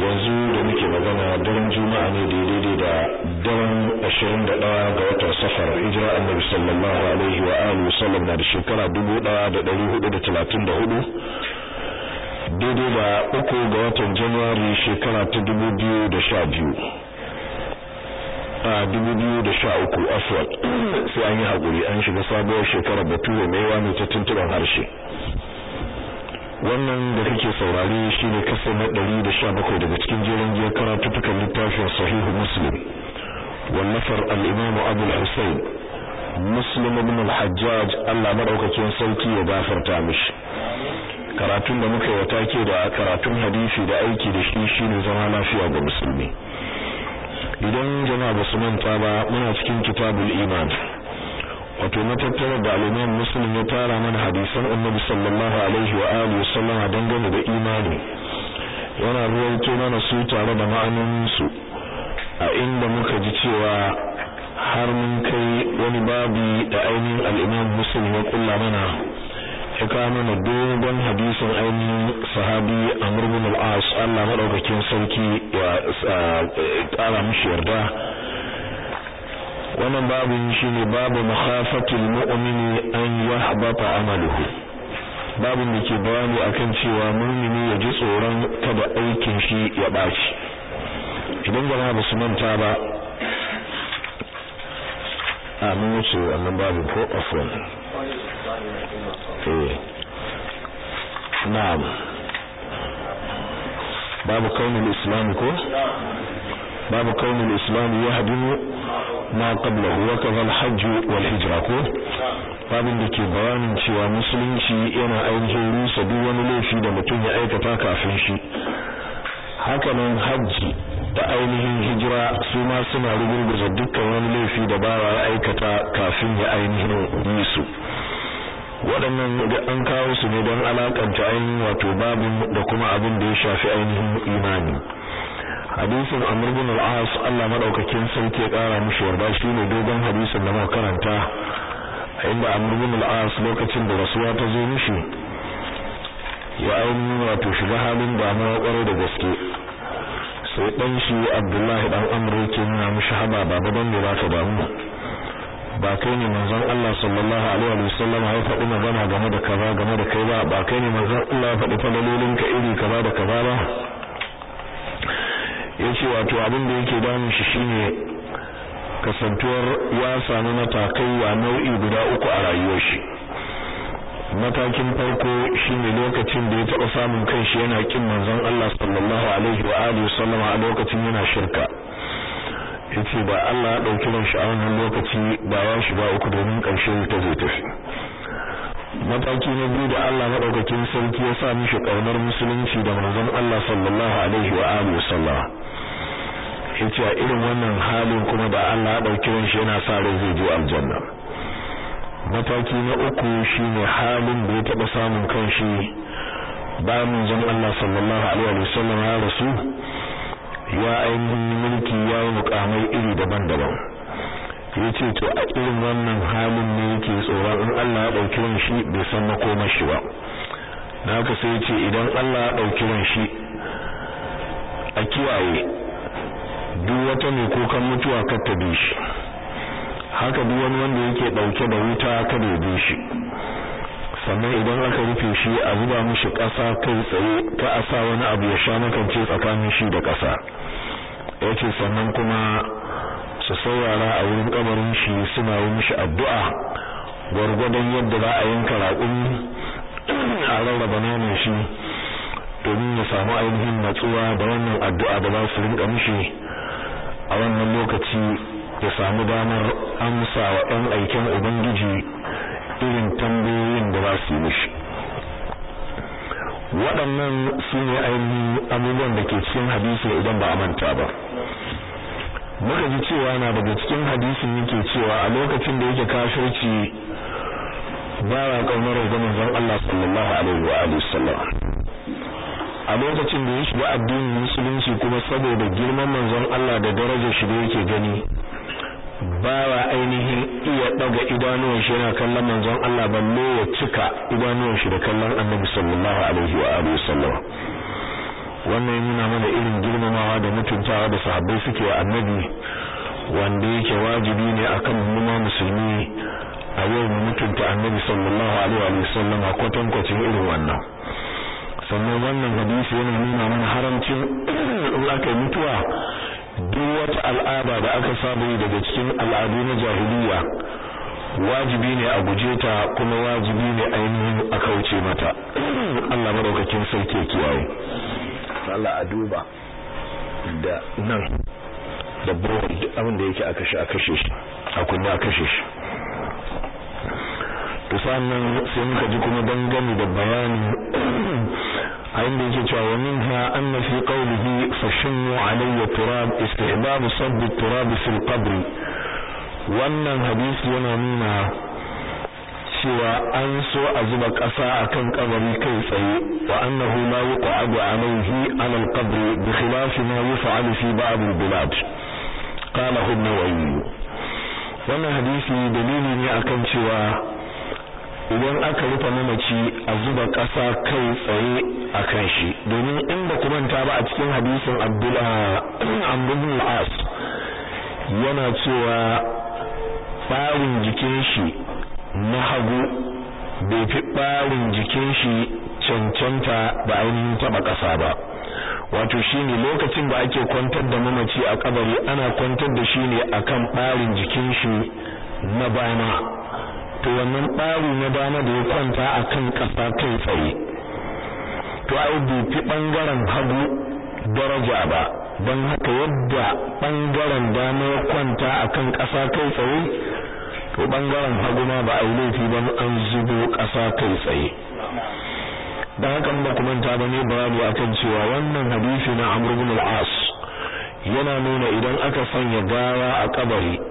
yanzu da muke magana daren juma'a ne daidai da daren ɗaya ga watan safar hijira annabi sallallahu alaihi wa alihi wasallam na da shekara dubu ɗaya da da da ɗari talatin hudu daidai da uku ga watan januwari shekara ta dubu biyu da sha biyu a dubu biyu da sha uku afwat sai an yi haƙuri an shiga sabuwar shekarar bature mai wani ta tuntuɓar harshe wannan da kake saurare shine kaso na 117 daga cikin jerin jiyar karatuttukan littafin sahihu muslim wallafar al abu al-husayn muslim ibn al-hajjaj Allah madaukakin sauki ya gafarta mishi karatun da muka yi take da karatun hadisi da aiki da shi shine zama lafiya ga musulmi idan jama'a ba su manta ba muna cikin kitabul iman wato matattarar da al'imam musulun ya tara mana hadisan annabi sallallahu alaihi wa alihi sallama dangane da imani yana ruwaito mana su tare da ma'anoninsu a inda muka ji cewa har mun kai wani babu da ainihin al'imam muslim ya kulla mana ya kawo mana dogon hadisin ainihin sahabi a bin al Allah maɗaukakin sarki ya tsara mishi yarda wannan babin shi ne babu makhafatul mu'mini an yahbata amaluhu babu da ke bayani akan cewa mu'mini ya ji tsoron kada aikin shi ya baci idan gaba ba su manta ba a mun wuce wannan babin ko afwan eh na'am babu kaunin islam ko babu kaunin islam ya hadimu ma qablahu wa kafa alhajj wal hijra ko babin da ke bayanin cewa musulunci yana ainihin rusa duk wani laifi da mutum ya aikata kafin shi hakanan hajji da ainihin hijira su ma suna rugurguza dukkan wani laifi da bawa ya aikata kafin ya ainihin yi waɗannan an kawo su ne don alakanta ainihin wato babin da kuma abin da ya shafi ainihin imani hadisin amr bin al-as Allah madaukakin sarki ya kara mishi yarda shine dogon hadisin da muka karanta inda amr bin al-as lokacin da rasuwa ta zo mishi ya ainihin wato shiga halin damuwa kware da gaske sai dan shi abdullahi dan amr yake nuna mushi haba baba dan da ta damu ba kai ne manzon Allah sallallahu alaihi wa sallam ya faɗi magana game da kaza game da kai ba ba kai ne manzon Allah ya faɗi fadalolin ka iri kaza da kaza ba ya ce wato abin da yake damun shi shine kasantuwar ya sami matakai wa nau'i guda uku a rayuwar shi matakin farko shine lokacin da ya taɓa samun kanshi yana kin manzon Allah sallallahu alaihi wa alihi sallama a lokacin yana shirka yace ba Allah ya dauki ran shi a wannan lokaci ba ya ba uku domin ƙarshe ta zai tafi mataki na biyu da Allah madaukakin sarki ya sa mishi kaunar musulunci da manzon Allah sallallahu alaihi wa alihi sallama yace a irin wannan halin kuma da Allah ya dauki shi yana sa rai zai je aljanna mataki na uku shine halin da ya taba samun kanshi bayan manzon Allah sallallahu alaihi wasallam ya rasu ya ainihin mulki ya yi mukamai iri daban-daban yace to a irin wannan halin ne yake tsoron in Allah ya dauki shi bai san makomar shi ba na haka sai yace idan Allah ya dauki shi a kiwaye duk wata mai kukan mutuwa kar ta bi shi haka duk wani wanda yake dauke da wuta kada ya bi shi sannan idan aka rufe shi a zuba mishi ƙasa kai tsaye ta a sa wani abu ya sha makance tsakanin shi da ƙasa yace sannan kuma su saurara a wurin kabarin shi suna yi mishi addu'a gwargwadon yadda za a yanka raƙumi a rarraba naman shi domin ya samu ainihin matsuwa da wannan addu'a da za su rinka mishi a wannan lokaci ya samu damar amsa wa ɗan aikin ubangiji irin tambayoyin da za su yi mishi waɗannan su ne ainihin abubuwan da ke cikin hadisi idan ba a manta ba muka ji cewa na daga cikin hadisin yake cewa a lokacin da yake kashoci ba ya kaunar ga zan Allah sallallahu alaihi wa alihi a lokacin da ya shiga addinin musulunci kuma saboda girman manzon Allah da darajar shi da yake gani bawa ainihin iya daga idanuwan shi yana kallon manzon Allah balle ya cika idanuwan shi da kallon Annabi sallallahu alaihi wa alihi wasallam wannan nuna mana irin girmamawa da mutuntawa da sahabbai suke wa Annabi wanda yake wajibi ne akan mu musulmi a yau mu mutunta Annabi sallallahu alaihi wa sallam a kwatankwacin irin wannan sannan wannan hadisi yana nuna mana haramcin in aka yi mutuwa duk wata al'ada da aka saba yi daga cikin al'adu na jahiliya wajibi ne a guje ta kuma wajibi ne ainihin a kauce mata Allah madaukakin sarki ya kiyaye Allah a duba da nan da abin da yake a kashe aka shi a kunna a kashe shi to sannan sai muka ji kuma dangane da bayani a inda yake cewa wa minha anna fi qawlihi fashinnu alayya turab istihbab sabb turab fi al-qabr wannan hadisi yana nuna cewa an so a zuba ƙasa akan kabari kai tsaye wa annahu la yuqa'adu alayhi ala al-qabr bi khilaf ma yuf'alu fi ba'd al-bilad qala ibn wannan hadisi dalili ne akan cewa idan aka rufe mamaci a zuba ƙasa kai tsaye a kan shi domin in ba manta ba a cikin hadisin abdul ah, as yana cewa barin jikin shi na hagu bai fi ɓarin jikin shi cancanta da ainihin taɓa ƙasa ba wato shine lokacin da ake kwantar da mamaci a kabari ana kwantar da shi ne akan ɓarin jikin shi na bana to wannan ɓari na dama da ya kwanta a kan ƙasa kai tsaye to ai bai fi ɓangaren hagu daraja ba don haka yadda ɓangaren dama ya kwanta a kan ƙasa kai tsaye to ɓangaren hagu ma ba a yi laifi ba an zubo ƙasa kai tsaye don haka ba ku manta ba ne babu kan cewa wannan hadisi na amru bin as yana nuna idan aka sanya gawa a kabari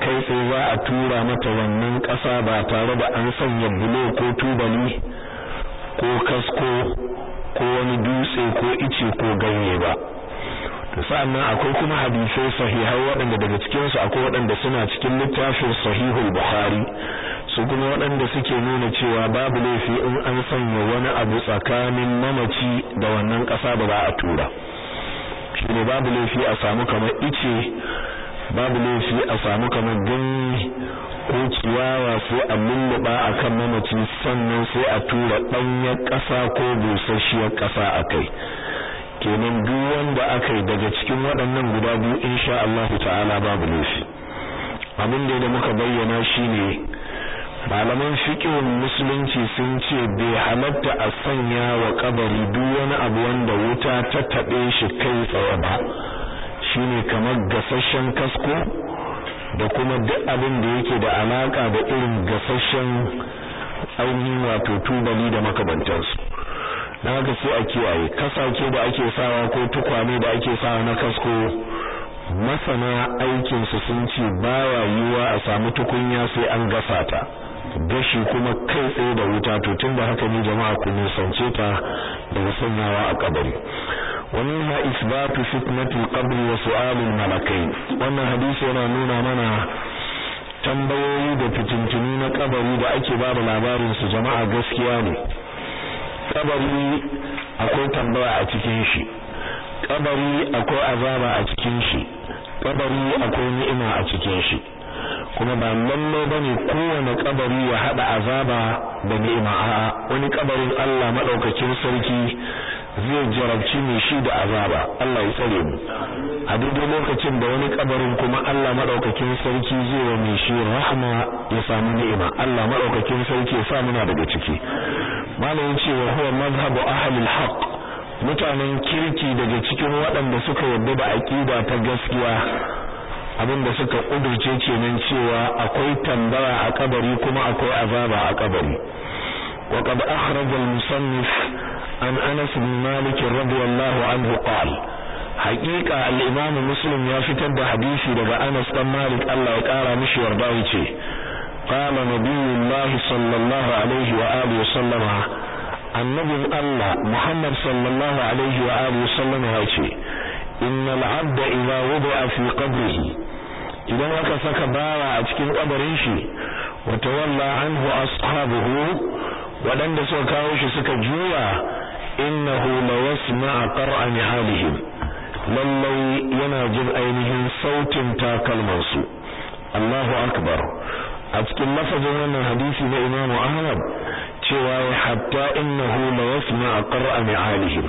kai sai za a tura mata wannan ƙasa ba tare da an sanya bulo ko tubali ko kasko ko wani dutse ko ice ko ganye ba to sa'annan akwai kuma hadisai sahihai waɗanda daga cikinsu su akwai waɗanda suna cikin littafin sahihul bukhari su kuma waɗanda suke nuna cewa babu laifi in an sanya wani abu tsakanin mamaci da wannan ƙasa ba za a tura shi ne babu laifi a samu kamar ice babu laifi a samu kamar ganye ko ciyawa sai a lulluɓa a kan mamaci sannan sai a tura ɗanyar ƙasa ko busasshiyar ƙasa a kai kenan duk wanda aka yi daga cikin waɗannan guda biyu insha Allah ta'ala babu laifi abin da muka bayyana shine malaman fiƙin musulunci sun ce bai halatta a sanya wa ƙabari duk wani abu wanda wuta ta taɓe shi kai tsaye ba shine kamar gasashen kasko da kuma duk abin da yake da alaka da irin gasashen ainihin wato tubali da makabantansu don haka sai a kiyaye kasake da ake sawa ko tukwane da ake sawa na kasko masana aikinsu sun ce baya yiwuwa a sami tukunya sai an gasa ta gashi kuma kai tsaye da wuta to tun da haka ne jama'a ku nisance ta daga sanyawa a kabari isbatu إثبات فتنة wasu وسؤال malakai Wannan hadisi yana nuna mana tambayoyi da fitintuni na kabari da ake ba da labarinsu jama'a gaskiya ne kabari akwai tambaya a cikin shi kabari akwai azaba a cikin shi kabari akwai ni'ima a cikin shi kuma ba lalle bane kowane kabari ya haɗa azaba da ni'ima a'a wani kabarin Allah madaukakin sarki zai jarabci mai shi da azaba Allah ya tsare mu a duk lokacin da wani kabarin kuma Allah madaukakin sarki zai wa mai shi rahma ya samu ni'ima Allah maɗaukakin sarki ya sa muna daga ciki malamin cewa huwa mazhabu ahli al-haqq mutanen kirki daga cikin waɗanda suka yarda da aƙida ta gaskiya abin da suka kudurce kenan cewa akwai tambaya a kabari kuma akwai azaba a kabari wa qad akhraja al-musannif an Anas bin Malik radiyallahu anhu qala haqiqa al-Imam Muslim ya fitar da hadisi daga Anas bin Malik Allah ya kara mishi yarda yace qala nabiyullahi sallallahu alaihi wa alihi wa sallama annabi Allah Muhammad sallallahu alaihi wa alihi wa sallama yace إن العبد إذا وضع في قبره idan aka saka bawa a cikin kabarin shi wa tawalla anhu ashabuhu waɗanda suka kawo shi suka juya innahu a qar'an halihim lallai yana jin ainihin sautin takalmansu Allahu akbar a cikin lafazin wannan hadisi na Imam Ahmad cewa hatta innahu a qar'an halihim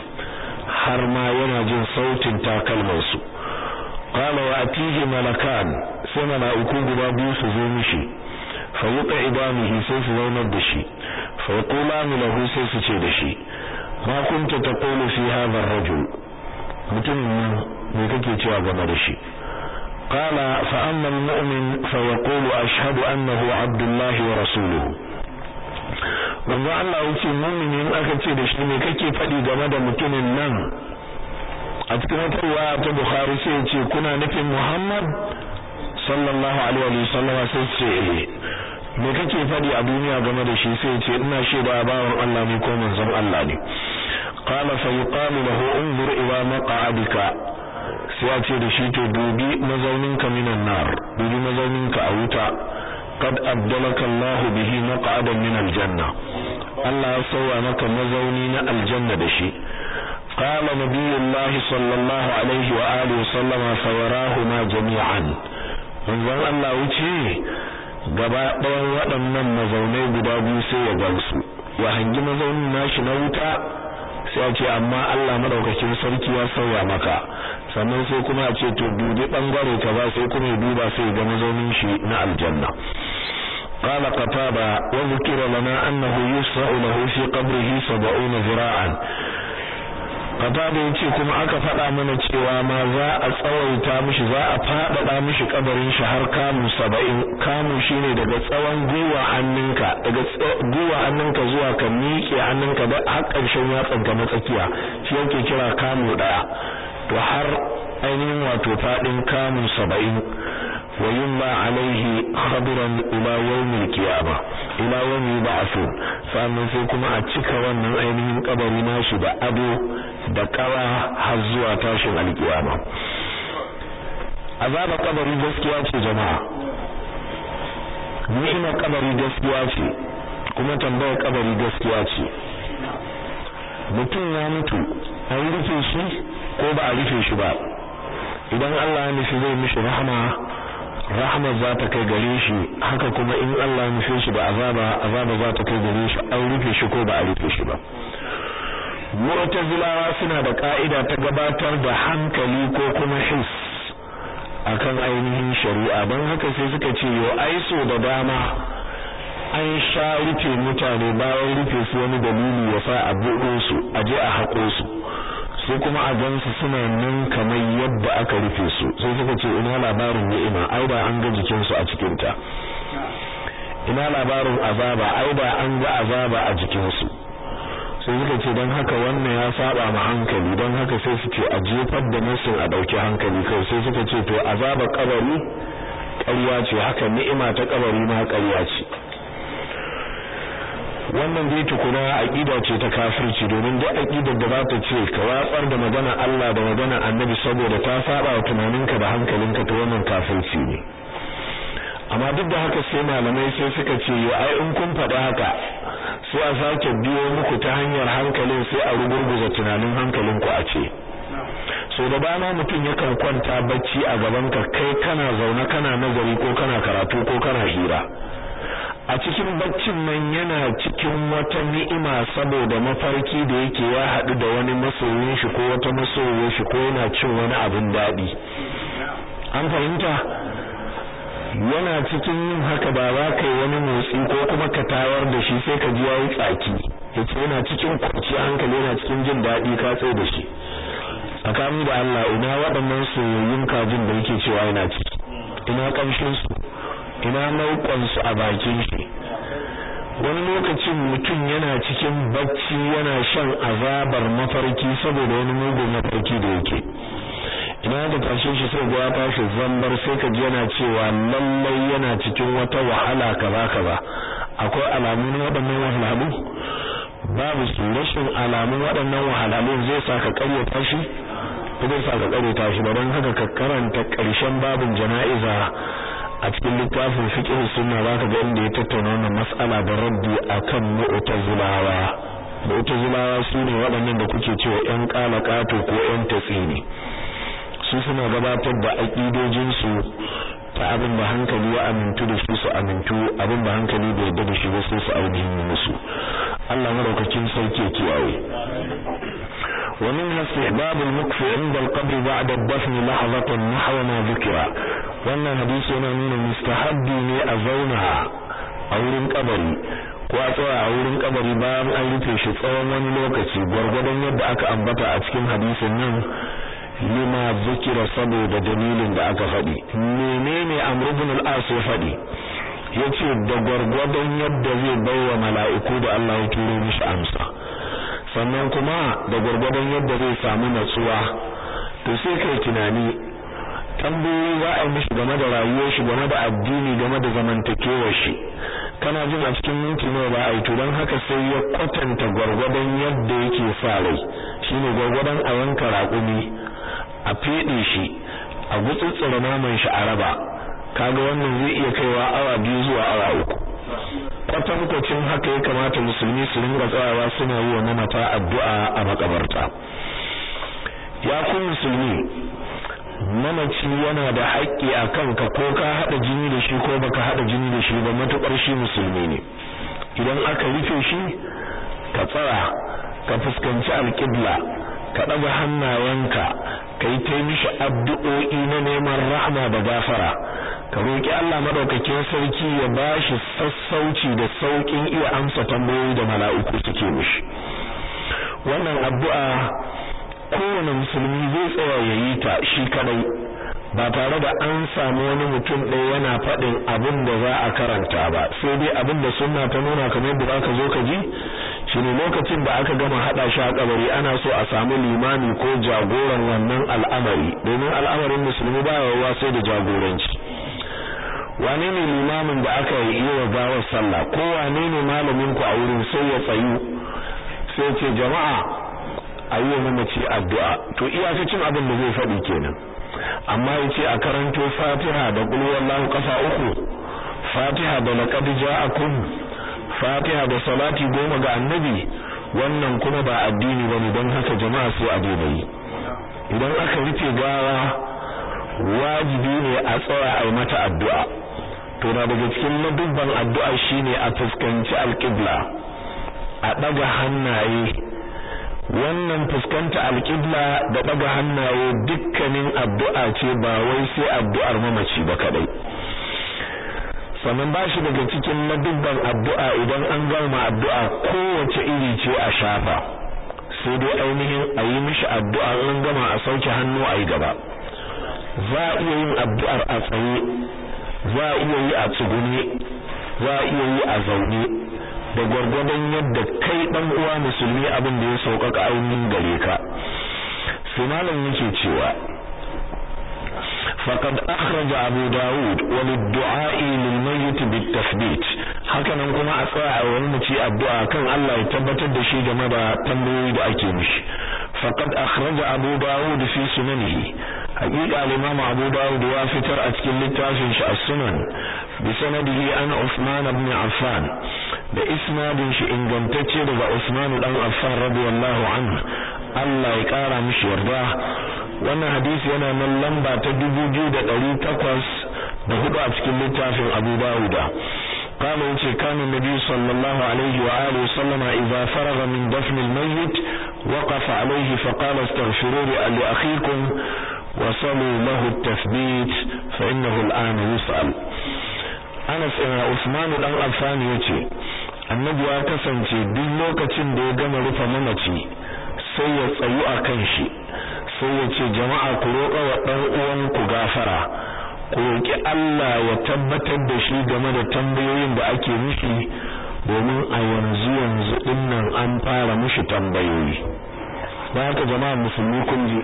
har ma yana jin sautin takalmansu qala wa atihi malakan sai mala'iku guda biyu su zo mishi fa wuqa ibamihi sai su zaunar da shi fa yaqulani lahu sai su ce da shi ma kunta taqulu fi hadha ar-rajul mutum ne kake cewa game da shi قال فأما المؤمن Abdullahi wa أنه عبد الله ورسوله manzo Allah yake mumini in aka ce da shi ne kake faɗi game da mutumin nan a cikin wata ta bukhari sai ce kuna nufin muhammad sallallahu alaihi wa sallam sai ce eh. me kake fadi a duniya game da shi sai ce ina shaida bawon Allah ne ko manzon Allah ne qala fa yuqalu lahu unzur ila maq'adika sai ya ce da shi to dubi mazauninka minan nar dubi mazauninka a wuta Kad abdalaka Allah bihi maq'adan min aljanna Allah ya sauwa maka mazauni na aljanna da shi قال نبي الله صلى الله عليه وآله وسلم فوراهما جميعا manzon Allah wuce gaba ɗayan waɗannan mazaunai guda biyu sai ya gansu ya hangi mazaunin nashi na wuta sai ce amma Allah madaukakin sarki ya sauya maka sannan sai kuma a ce to dubi bangare ba sai kuma ya duba sai ga mazaunin shi na aljanna قال قتابة وذكر لنا أنه يسرع له في قبره سبعون ذراعا da yace kuma aka faɗa mana cewa ma za a tsawaita mishi za a faɗaɗa mishi kabarin shi har kamun saba'in kamun shine daga tsawon guwa hannunka daga guwa hannunka zuwa ka miƙe hannunka da har ƙarshen yatsan ka matsakiya shi yake kira kamun ɗaya to har ainihin wato faɗin kamun saba'in ma alaihi خبرا ila yawmil qiyama ila yawmi ba'thu sannan sai kuma a cika wannan ainihin kabari nashi da ado da kara har zuwa tashin alkiyama ba kabari gaskiya ce jama'a ni'imar kabari gaskiya ce kuma tambayar kabari gaskiya ce mutum ya mutu an rufe shi ko ba a rufe shi ba idan Allah ya nufi zai mishi rahama rahama za ta kai gare shi haka kuma in Allah ya nufi shi ba azaba azaba za ta kai gare shi an rufe shi ko ba a rufe shi ba zilawa suna da ka'ida ta gabatar da hankali ko kuma his akan ainihin shari'a don haka sai suka ce yo aiso da dama an sha rufe mutane bayan rufe su wani dalili ya sa a buɗe su a je a haƙo su su kuma a gansu suna nan kamar yadda aka rufe su sai suka ce ina labarin ni'ima ai ba an ga jikinsu a cikinta ina labarin azaba ai ba an ga azaba a jikinsu sai suka ce don haka wannan ya saba ma hankali don haka sai su ce a jefar da nasir a ɗauki hankali kai sai suka ce to azaba kabari ƙarya ce haka ni'ima ta kabari ma ƙarya ce wannan zai tukuna aƙida ce ta kafirci domin duk aƙidar da za ta ce ka watsar da magana Allah da magana Annabi saboda ta saba wa tunaninka da hankalinka ta wannan kafirci ne amma duk da haka sai malamai sai suka ce yo ai in kun faɗi haka sai a sake biyo muku ta hanyar hankalin sai a rugurguza tunanin hankalin ku a ce so da bana mutum yakan kwanta bacci a gaban ka kai kana zaune kana nazari ko kana karatu ko kana hira a cikin baccin nan yana cikin wata ni'ima saboda mafarki da yake ya haɗu da wani masoyin shi ko wata masoyin shi ko yana cin wani abin daɗi an fahimta yana cikin yin haka ba za ka yi wani motsi ko kuma ka tayar da shi sai ka ji yi tsaki ce yana cikin kwanci hankali yana cikin jin daɗi ka tsaye da shi a kamun da Allah ina waɗannan soyayyun kajin da yake cewa yana ciki ina kamshin ina nauƙonsu a bakin shi wani lokacin mutum yana cikin bacci yana shan azabar mafarki saboda wani mugun mafarki da yake ina da tashe shi sai ga ya tashi zambar sai ka ji yana cewa lallai yana cikin wata wahala kaza kaza akwai alamu na waɗannan wahalhalu babu su rashin alamun waɗannan wahalhalun zai sa ka tashi zai sa ka tashi ba don haka ka karanta ƙarshen babin jana'iza a cikin littafin fiqh sunna zaka ga inda ya tattauna wannan mas'ala da raddi akan mu'tazilawa mu'tazilawa su ne waɗannan da kuke cewa 'yan ƙala ƙalaƙato ko 'yan tatsini su suna gabatar da aƙidojinsu ta abin da hankali ya amintu da su su amintu abin da hankali bai yarda da shi ba sai su ainihin musu Allah maraukakin sauke ya kiyaye ومنها استحباب المكف عند القبر بعد الدفن لحظة نحو ما ذكر وانا حديث من المستحب لأزونها أو للقبر kwatsawa a wurin kabari bayan an rufe shi tsawon wani lokaci gwargwadon yadda aka ambata lima zikira saboda dalilin da aka faɗi menene amr ibn al-as ya faɗi yace da gwargwadon yadda zai bayyana mala'iku da Allah ya turo mishi amsa sannan kuma da gwargwadon yadda zai samu natsuwa to sai kai tunani tambayoyi za a mishi game da rayuwar shi game da addini game da zamantakewar shi kana jin a cikin minti nawa ba a yi to don haka sai ya kwatanta gwargwadon yadda yake sa rai shine gwargwadon a yanka raƙumi a fiɗe shi a gutsutsura naman shi a raba kaga wannan zai iya kaiwa awa biyu zuwa awa uku kwacin haka ya kamata musulmi su ringa tsayawa suna yi wa mamata addu'a a makabarta ya ku musulmi mamaci yana da haƙƙi a kanka ko ka haɗa jini da shi ko baka haɗa jini da shi ba matuƙar shi musulmi ne idan aka rufe shi ka tsara ka fuskanci alƙibla ka ɗaga hannayenka kai ta mishi addu'o'i na neman rahma da gafara ka roki Allah madaukakin sarki ya ba shi sassauci da saukin iya amsa tambayoyi da mala'iku suke mishi wannan addu'a kowane musulmi zai tsaya ya yi ta shi kadai ba tare da an samu wani mutum ɗaya yana faɗin abin da za a karanta ba sai dai abin da sunna ta nuna kamar yadda zaka zo ka ji ne lokacin da aka gama haɗa shi a kabari ana so a samu limami ko jagoran wannan al'amari domin al'amarin musulmi ba ruwa sai da jagoranci wane ne limamin da aka yi wa gawar sallah ko wane ne malamin ku a wurin sai ya tsayu sai ce jama'a ayyuka mamaci addu'a to iya iyakacin abin da zai faɗi kenan amma ya ce a karanto Fatiha da qul wallahu uku Fatiha da a ja'akum fatiha da salati goma ga annabi wannan kuma ba addini bane don haka jama'a su a daina yi idan aka rufe gawa wajibi ne a tsaya a mata addu'a to na daga cikin madubban addu'a shine a fuskanci alqibla a daga hannaye wannan fuskanta alqibla da daga hannaye dukkanin addu'a ce ba wai sai addu'ar mamaci ba kadai sannan ba shi daga cikin madubban addu'a idan an gama addu'a kowace iri ce a shafa sai dai ainihin a yi mishi addu'a an gama a sauke hannu a yi gaba za a iya yin addu'ar a tsaye za a iya yi a tsugune za a iya yi a zaune da gwargwadon yadda kai ɗan uwa musulmi abin da ya sauƙaƙa ainihin gare ka sai malam yake cewa faqad akhraja abu daud wa lid-du'a'i lil-mayyit hakanan kuma a tsaya a wani mace addu'a kan Allah ya tabbatar da shi game da tambayoyi da ake mishi faqad akhraja abu daud fi sunanihi haqiqa al-imam abu daud ya fitar a cikin littafin shi as-sunan bi sanadihi an usman ibn affan da isnadin shi ingantacce daga usman dan affan radiyallahu anhu Allah ya kara mishi yarda wannan hadisi yana nan lamba ta dubu biyu da ɗari takwas da hudu a cikin littafin abu dawuda قال يتي كان النبي صلى الله عليه وآله وسلم إذا فرغ من دفن الميت وقف عليه فقال استغفروا لأخيكم وصلوا له التثبيت فإنه الآن يسأل أنس عثمان الأن أفان يتي annabi ya kasance duk lokacin da ya gama rufe mamaci sai ya tsayu a kan shi sai ya ce jama'a ku roƙa wa ɗan uwanku gafara ku roƙi Allah ya tabbatar da shi game da tambayoyin da ake mishi domin a yanzu yanzu dinnan an fara mishi tambayoyi da haka jama'a musulmi kun ji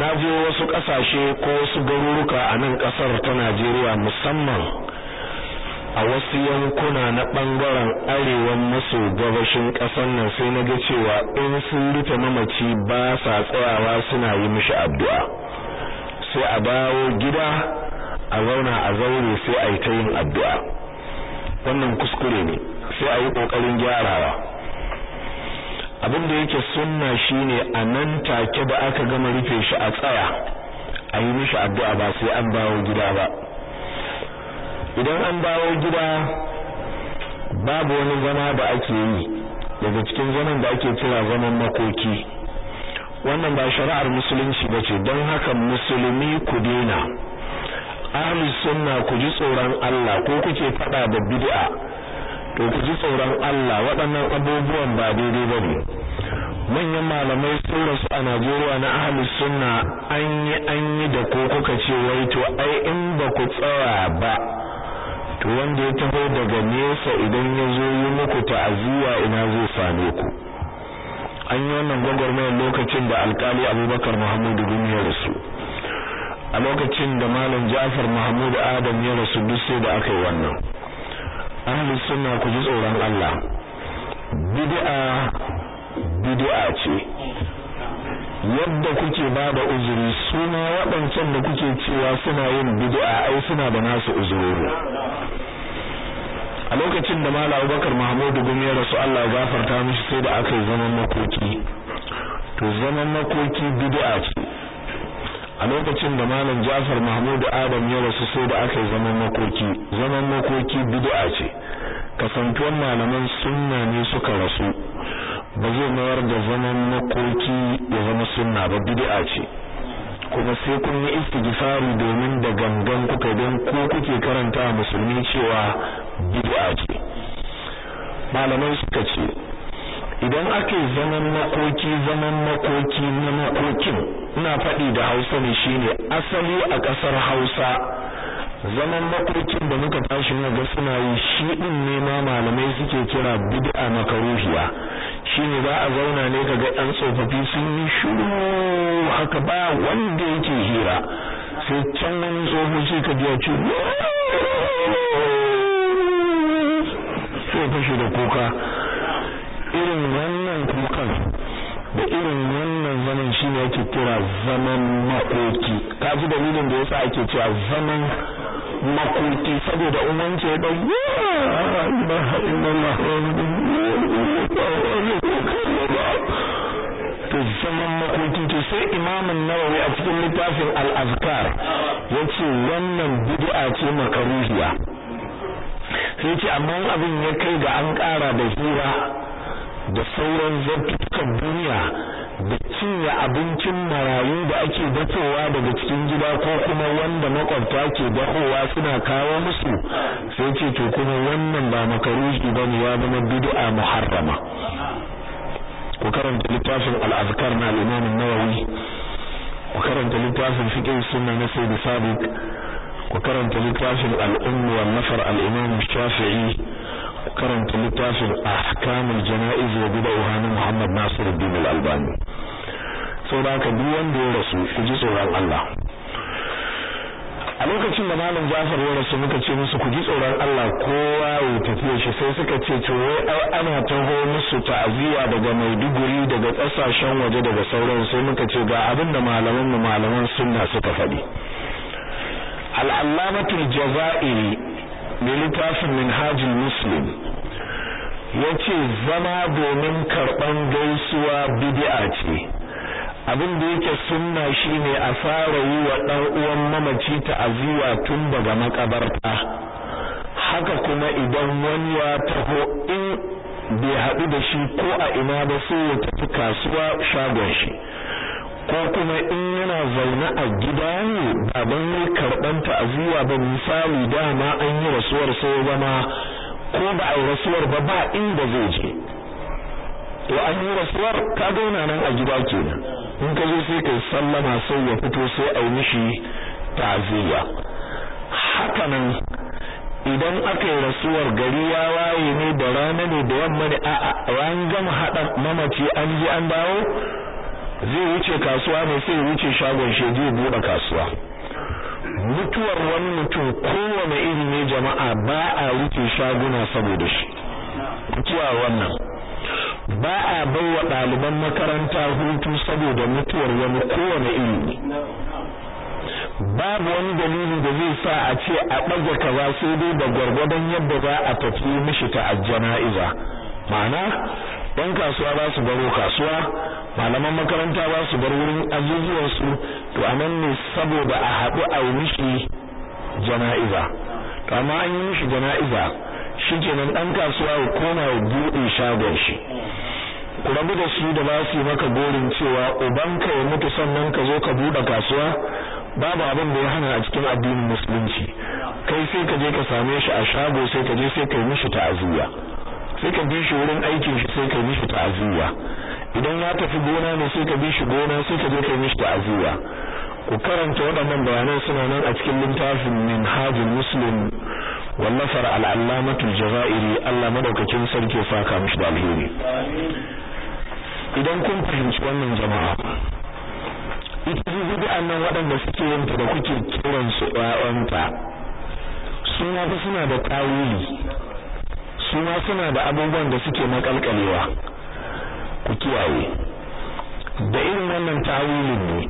na je wasu ƙasashe ko wasu garuruka a nan ƙasar ta Najeriya musamman a wasu yankuna na ɓangaren arewa maso gabashin ƙasar nan sai na ga cewa in sun rufe mamaci ba sa tsayawa suna yi mishi addu'a sai a bawo gida a zauna a zaure sai a yi ta yin addu'a wannan kuskure ne sai a yi ƙoƙarin gyarawa abin da yake sunna shine a nan take da aka gama rufe shi a tsaya a yi mishi addu'a ba sai an bawo gida ba idan an dawo gida babu wani zama da ake yi daga cikin zaman da ake kira zaman makoki wannan ba shari'ar musulunci ba ce don haka musulmi ku dena ahlus sunna ku ji tsoron Allah ko kuke fada da bid'a to ku ji tsoron Allah waɗannan abubuwan ba daidai ba bane manyan malamai sun su a Najeriya na ahlus sunna an yi da ko kuka ce wai to ai in ba ku tsaya ba to wanda ya taho daga nesa idan ya zo yi muku ta'aziyya ina zai same ku an yi wannan gwagwarmayar lokacin da alkali abubakar muhammadu bin ya rasu a lokacin da malam jafar muhammadu adam ya rasu duk da aka yi wannan ahli sunna ku ji tsoron allah bid'a bid'a ce yadda kuke ba da uzuri suna waɗancan da kuke cewa suna yin bid'a ai suna da nasu uzurori a lokacin da Malam Abubakar Mahmudu gumi ya rasu Allah ya gafarta mishi sai da aka yi zaman makoki to zaman makoki bid'a ce a lokacin da Malam Jafar Mahmudu Adam ya rasu sai da aka yi zaman makoki zaman makoki bid'a ce kasantuwan malaman sunna ne suka rasu ba zai mayar da zaman makoki ya zama sunna ba bid'a ce kuma sai kun yi istighfari domin da gangan kuka don ko kuke karanta musulmi cewa bid'a ce malamai suka ce idan ake zaman makoki zaman makoki na makokin ina faɗi da hausa ne shine asali a ƙasar hausa zaman makokin da muka tashi muka ga suna yi shi din ne ma malamai suke kira bid'a makaruhiya ne za a zauna ne ga ɗan tsofaffi sun yi shiru haka ba wanda yake hira sai can wani tsoho sai ka biya ce sai fashe da kuka irin wannan kukan da irin wannan zaman ne ake kira zaman makoki kaji ji dalilin da yasa ake cewa zaman makuti saboda umarci ya ɗan zaman to sai imamin nawawi a cikin littafin al ya ce wannan bid'a ce makaruhiya sai ce amma abin ya kai ga an ƙara da hira da sauran zartukan duniya da cinye abincin marayu da ake dafowa daga cikin gida ko kuma wanda makwabta ke dafowa suna kawo musu sai ce to kuma wannan ba makaruhi ba ne ya zama bid'a muharrama ku karanta littafin al-azkar na al-imam an-nawawi ku karanta littafin fiqh sunna na sayyid sabiq ku karanta littafin al-umm wa nafar al-imam shafi'i karanta littafin kamun jana'iz wa bid'ah na Muhammad Nasiruddin Al-Albani saboda haka duk wanda ya rasu ku ji tsoron Allah a lokacin da malam Jafar ya rasu muka ce musu ku ji tsoron Allah kowa ya tafiya shi sai suka ce to wai ai ana taho musu ta'aziyya daga Maiduguri daga ƙasashen waje daga sauran sai muka ce ga abin da malaman mu malaman sunna suka faɗi al jazairi mai littafin minhajin muslim ya ce zama domin karɓan gaisuwa bidi'a ce abin da yake shi ne a fara yi wa ɗan'uwan uwan mamaci ta'aziyya tun daga makabarta haka kuma idan wani ya taho in bai haɗu da shi ko a ina ba sai ya tafi kasuwa shagon shi ko kuma in yana zaune a gida ne ba don yi karɓan zuwa ba misali dama an yi rasuwar sai zama ko ba a yi rasuwar ba ba inda zai je to an yi rasuwar ka zauna nan a gida kenan in ka zo sai kai sallama sai ya fito sai a yi mishi ta'aziyya haka nan idan aka yi rasuwar gari ya waye ne da rana ne da yamma ne a'a ran gama haɗa mamaci an ji an dawo zai wuce kasuwa ne sai wuce shagon shi zai bude kasuwa mutuwar wani mutum kowane iri ne jama'a ba a wuce shaguna saboda shi mutuwa wannan ba a bai wa ɗaliban makaranta hutu saboda mutuwar wani kowane iri babu wani dalili da zai sa a ce a ɗaga kaza sai dai da gwargwadon yadda za a tafi mishi ta ajjana iza ma'ana yan kasuwa ba su baro kasuwa malaman makaranta ba su bar wurin azuzuwarsu to a nan ne saboda a haɗu a yi mishi jana'iza to amma an yi mishi jana'iza shi kenan ɗan kasuwa ya koma ya buɗe shagon shi ku rabu da su da ba su yi maka gorin cewa ka ya mutu sannan ka zo ka buɗe kasuwa babu abin da ya hana a cikin addinin musulunci kai sai ka je ka same shi a shago sai ka je sai ka yi mishi ta'aziyya sai ka bi shi wurin aikin shi sai ka bi shi ta'aziyya idan ya tafi gona ne sai ka bi shi gona sai ka je ka mishi ta'aziyya ku karanta waɗannan bayanan suna nan a cikin littafin min hajjul muslim wallafar al'allamatul jaza'iri Allah madaukakin sarki faka mishi da alheri idan kun fahimci wannan jama'a ita bid'an nan waɗanda suke yin da kuke kiran su ƴaƴanta sun suna da tawili su ma suna da abubuwan da suke makalkalewa ku kiyaye da irin wannan tawilin ne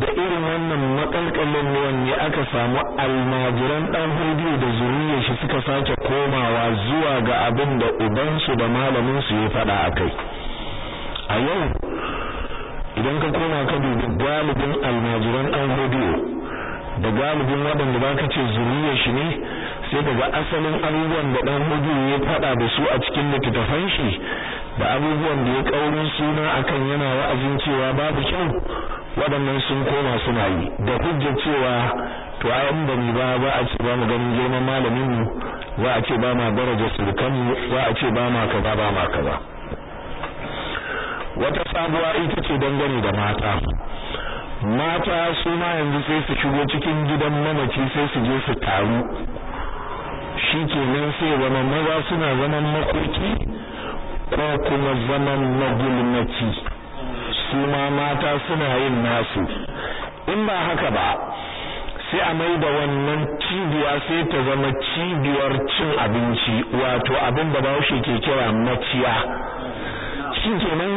da irin wannan makalkalin ne aka samu almajiran dan hudu da zuriyar shi suka sake komawa zuwa ga abin da ubansu da malamin su ya faɗa kai a yau idan ka koma ka dubi galibin almajiran dan hudu da galibin waɗanda ba ka ce zuriyar shi ne sai daga asalin abubuwan da dan hudu ya fada da su a cikin littattafan shi da abubuwan da ya kauri suna akan yana wa'azin cewa babu kyau waɗannan sun koma suna yi da hujjar cewa to ayan ba ba ba a ce ba mu ganin girman malamin mu za a ce ba ma daraja surkan mu za a ce ba ma kaza ba ma kaza wata sabuwa ita ce dangane da mata mata su ma yanzu sai su shigo cikin gidan mamaci sai su je su taru shi kenan sai zama maza suna zaman makoki ko kuma zaman magulmaci su ma mata suna yin nasu in ba haka ba sai a mai da wannan cibiya sai ta zama cibiyar cin abinci wato abin da bahaushe ke kira maciya shi kenan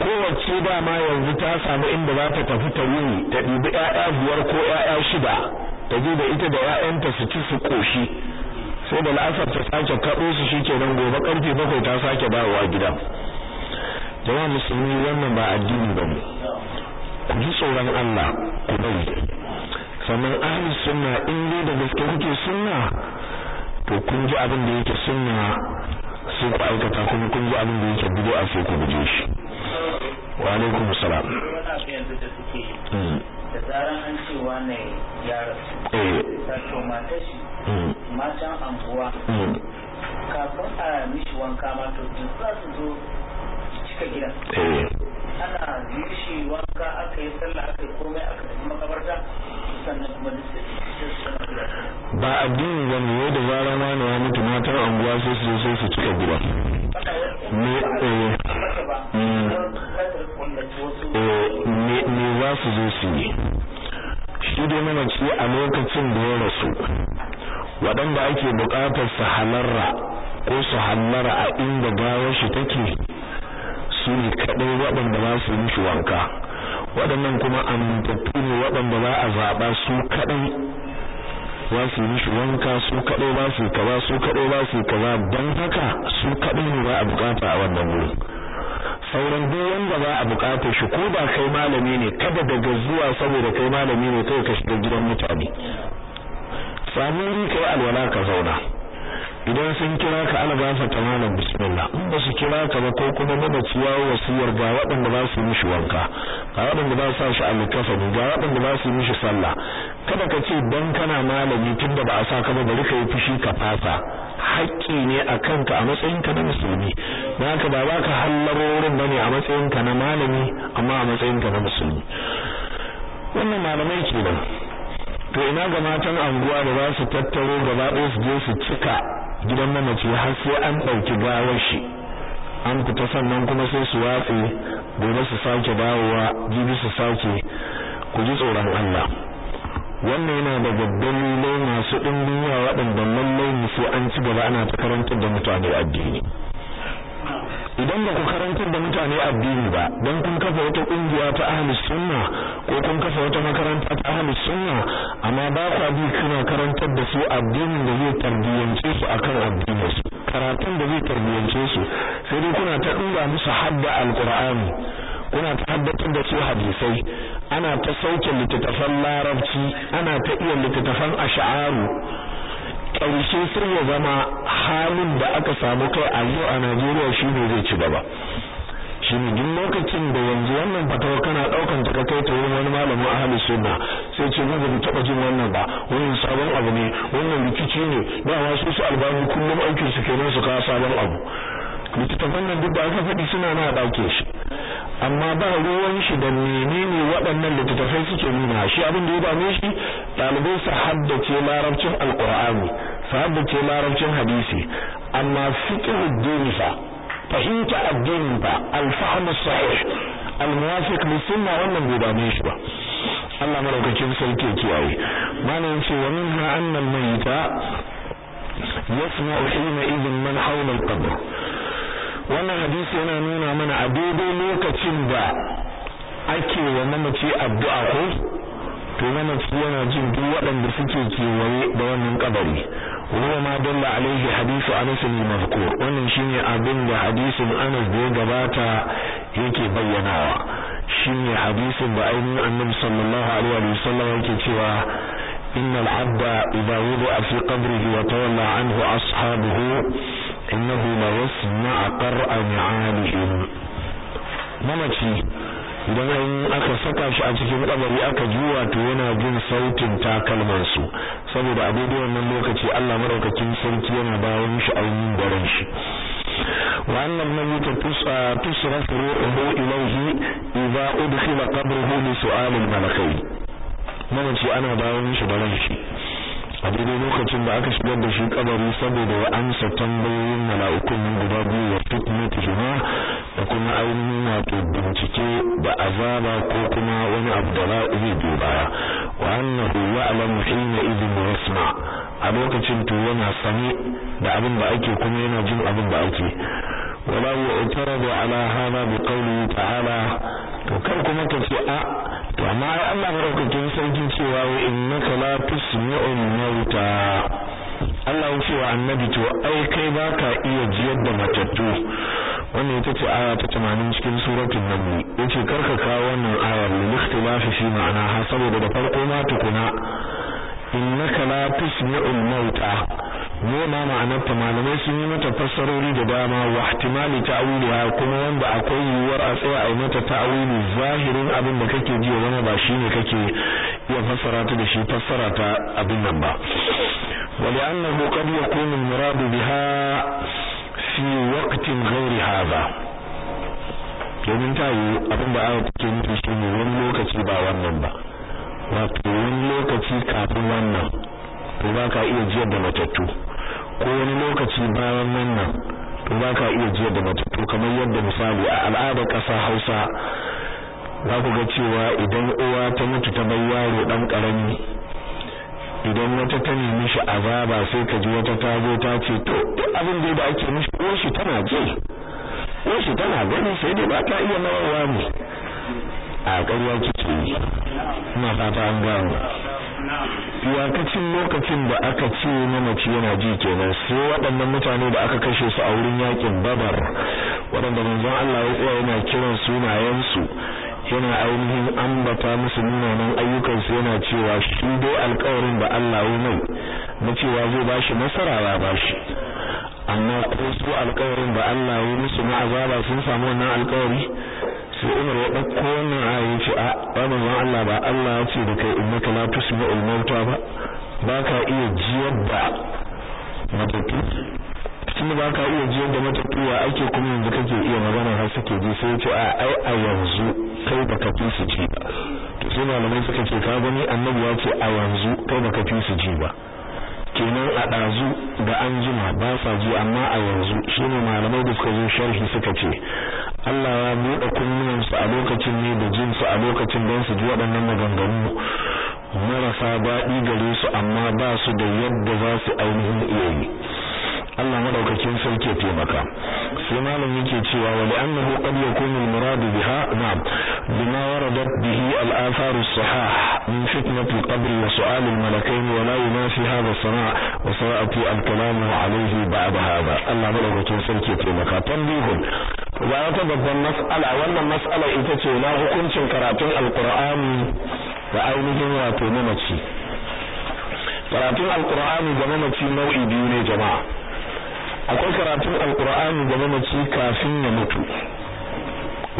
kowace dama yanzu ta samu inda za ta tafi ta wuni ta ɗibi 'ya'ya biyar ko 'ya'ya shida ta je da ita da 'ya'yanta su ci su ƙoshi sai da la'asar ta sake kaɗo su shi kenan gobe karfe bakwai ta sake dawowa gida jama'a musulmi wannan ba addini ba mu ku ji tsoron Allah ku bari sannan ahli sunna in dai da gaske kuke sunna to kun ji abin da yake sunna sai ku aikata kuma kun ji abin da yake a sai ku guje shi wa alaikum salam hmm. da zaran an ce ya rasu eh. matan anguwa mm. kafin a mishi wanka ma to za su zo cika gidan eh. ana mishi wanka aka yi sallah aka yi komai aka tafi makabarta sannan kuma duk ba addini ba ne da zaran wani ya mutu matan anguwa sai su sai su cika gida ne eh. mm. eh, me za su zo su yi shi dai mamaci a lokacin da ya rasu waɗanda ake buƙatar su halarra ko su halarra a inda gawar shi take su ne kaɗai waɗanda ba su mishi wanka waɗannan kuma amintattu ne waɗanda ba a zaɓa su kaɗai ba su mishi wanka su kaɗai ba su kaza su kaɗai ba su kaza don haka su kaɗai ne ba a buƙata a wannan wurin sauran duk wanda ba a bukatar shi ko ba kai malami ne kada daga zuwa saboda kai malami ne kai ka shiga gidan mutane sami wuri kai alwala ka zauna idan sun kira ka ana ba ta malam bismillah in ba su kira ka ba ko kuma mamaci ya wasiyar ga waɗanda za su yi mishi wanka ga waɗanda za su sa shi ga waɗanda za su yi mishi sallah kada ka ce dan kana malami tun da ba a sa ka ba bari ka yi fushi ka fasa haƙƙi ne a kanka a matsayinka na musulmi don haka ba za ka hallaro ba ne a matsayinka na malami amma a matsayinka na musulmi wannan malamai kenan to ina ga matan anguwa da za su tattaro gaba ɗaya su je su cika gidan mamaci har sai an ɗauki gawar shi an fita sannan kuma sai su watse gobe su sake dawowa jibi su sake ku ji tsoron Allah wannan yana da dalilai masu ɗin yawa waɗanda lallai mu sai an ci gaba ana ta karantar da mutane addini idan ba ku karantar da mutane addini ba don kun kafa wata kungiya ta ahli sunna ko kun kafa wata makaranta ta ahli sunna amma ba ku abi kuna karantar da su addinin da zai tarbiyyance su akan addinin su karatun da zai tarbiyyance su sai dai kuna ta dura musu hadda alqur'ani kuna ta haddatar da su hadisai ana ta sauke littattafan larabci ana ta iya littattafan asha'aru ƙarshe sai ya zama halin da aka samu kai a yau a Najeriya shi ne zai ci gaba Shin duk lokacin da yanzu wannan fatawa kana ɗaukan ta kai ta wurin wani malamin ahli sunna sai ce mun taba jin wannan ba wannan sabon abu ne wannan rikici ne da wasu su albani kullum aikin su kenan su kawo sabon abu littattafan nan duk da aka faɗi suna na ɗauke shi amma ba ruwan shi da menene waɗannan littattafai suke nuna shi abin da ya dame shi ɗalibai su haddace larabcin alƙur'ani su haddace larabcin hadisi amma fiqh addini fa fahimta addini ba al sahih almuwafiq li sunna wannan bai dame shi ba Allah madaukakin sarki kiyaye malamin ce wa minha annal mayita yasma'u hina idhin man hawla al-qabr wannan hadisi yana nuna mana a daidai lokacin da ake wa mamaci addu'a ko to mamaci yana jin duk waɗanda suke kewaye da wannan kabari wa ma dalla alaihi hadisu anas bin mazkur wannan shine abin da hadisin anas da ya gabata yake bayyanawa shine hadisin da ainihin annabi sallallahu alaihi wasallam yake cewa innal abda idza wudi'a fi qabrihi wa tawalla anhu ashabuhu innahu la yasma'u qar'a ni'alihim mamaci idan an aka saka shi a cikin kabari aka juwa to yana jin sautin takalman su saboda a daidai wannan lokaci Allah madaukakin sarki yana bawo mishi ainihin daren shi wa annam nabi ta tusa tusra ruhu ilayhi idza udkhila qabruhu li su'al al malakai mamaci ana bayan shi daren shi a daidai lokacin da aka shigar da shi kabari saboda ya amsa tambayoyin mala'ikun nan guda biyu wa fitnati huma da kuma ainihin wato bincike da azaba ko kuma wani abu da zai biyo baya wa annahu ya'lamu hina idin yasma a lokacin to yana sani da abin da ake kuma yana jin abin da ake ولو اعترض على هذا بقوله تعالى وكان كما كتي أ وما الله مرحبا كنسان كنتي واو لا تسمع الموتى Allah ya ce wa annabi to ai kai ba ka iya jiyar da matattu wannan ita ce aya ta 80 cikin suratul naml yace karka kawo wannan ayar lil shi shi ma'ana saboda da farko ma tukuna innaka la tusmi'ul mauta ne ma ta malamai sun yi mata fassarori da dama wa ihtimali ha kuma wanda akwai yiwuwar a tsaya a yi mata ta'wili zahirin abin da kake ji ya zama ba shine kake iya fassara ta da shi fassara ta abin nan ba wa li'annahu qad yakunu al-muradu biha fi waqtin ghairi hadha domin ta yi abin da aya take shi ne wani lokaci ba wannan ba wato wani lokaci kafin wannan to ba ka iya jiyar da matattu ko wani lokaci bayan wannan to ba ka iya jiyar da matattu kamar yadda misali a al'adar ƙasa hausa za ku ga cewa idan uwa ta mutu ta bai yaro ɗan karami idan wata ta nemi shi azaba sai ka ji wata ta zo ta ce to duk abin da ake mishi ko shi tana ji ko shi tana gani sai dai ba ta iya mawarwa ne a ƙarya kike yi ina fata an gano kacin lokacin da aka ce na mace yana ji kenan sai waɗannan mutane da aka kashe su a wurin yakin babar waɗanda manzon Allah ya tsaya yana kiran sunayensu yana ainihin ambata musu munanan ayyukansu yana cewa shi dai alƙawarin da Allah ya mai na cewa zai bashi nasara ya bashi amma ko su alƙawarin da Allah ya musu na sun samu wannan alƙawari sai umar ya ɗauko wannan aya ce a wannan Allah ba Allah ce da kai innaka la tusmi'ul mauta ba ka iya jiyar da mataki tunda ba ka iya jiyar da mataki ya ake kuma yanzu kake iya magana har suke ji sai a ai a kai ka fi su ce a yanzu kai ji ba kenan a ɗazu da an jima ba sa ji amma a yanzu shi ne malamai da suka zo sharhi suka ce Allah ya buɗe kunnuwansu a lokacin ne da jinsu a lokacin don su ji waɗannan maganganu marasa daɗi gare su amma ba su da yadda za su ainihin iya yi Allah madaukakin sarki taimaka sai malam yake cewa wa li'annahu qad yakunu al-murad biha na'am bima waradat bihi al-athar as-sahah min fitnat al-qabr wa su'al al-malakain wa la yunafi hadha as-sana' wa sa'atu al-kalam alayhi ba'd hadha Allah madaukakin sarki taimaka tanbihun wa ta babban mas'ala wannan mas'ala ita ce na hukuncin karatun al da ainihin wato mamaci karatun al-Qur'ani da mamaci nau'i biyu ne jama'a akwai karatun alkur'ani da mamaci kafin ya mutu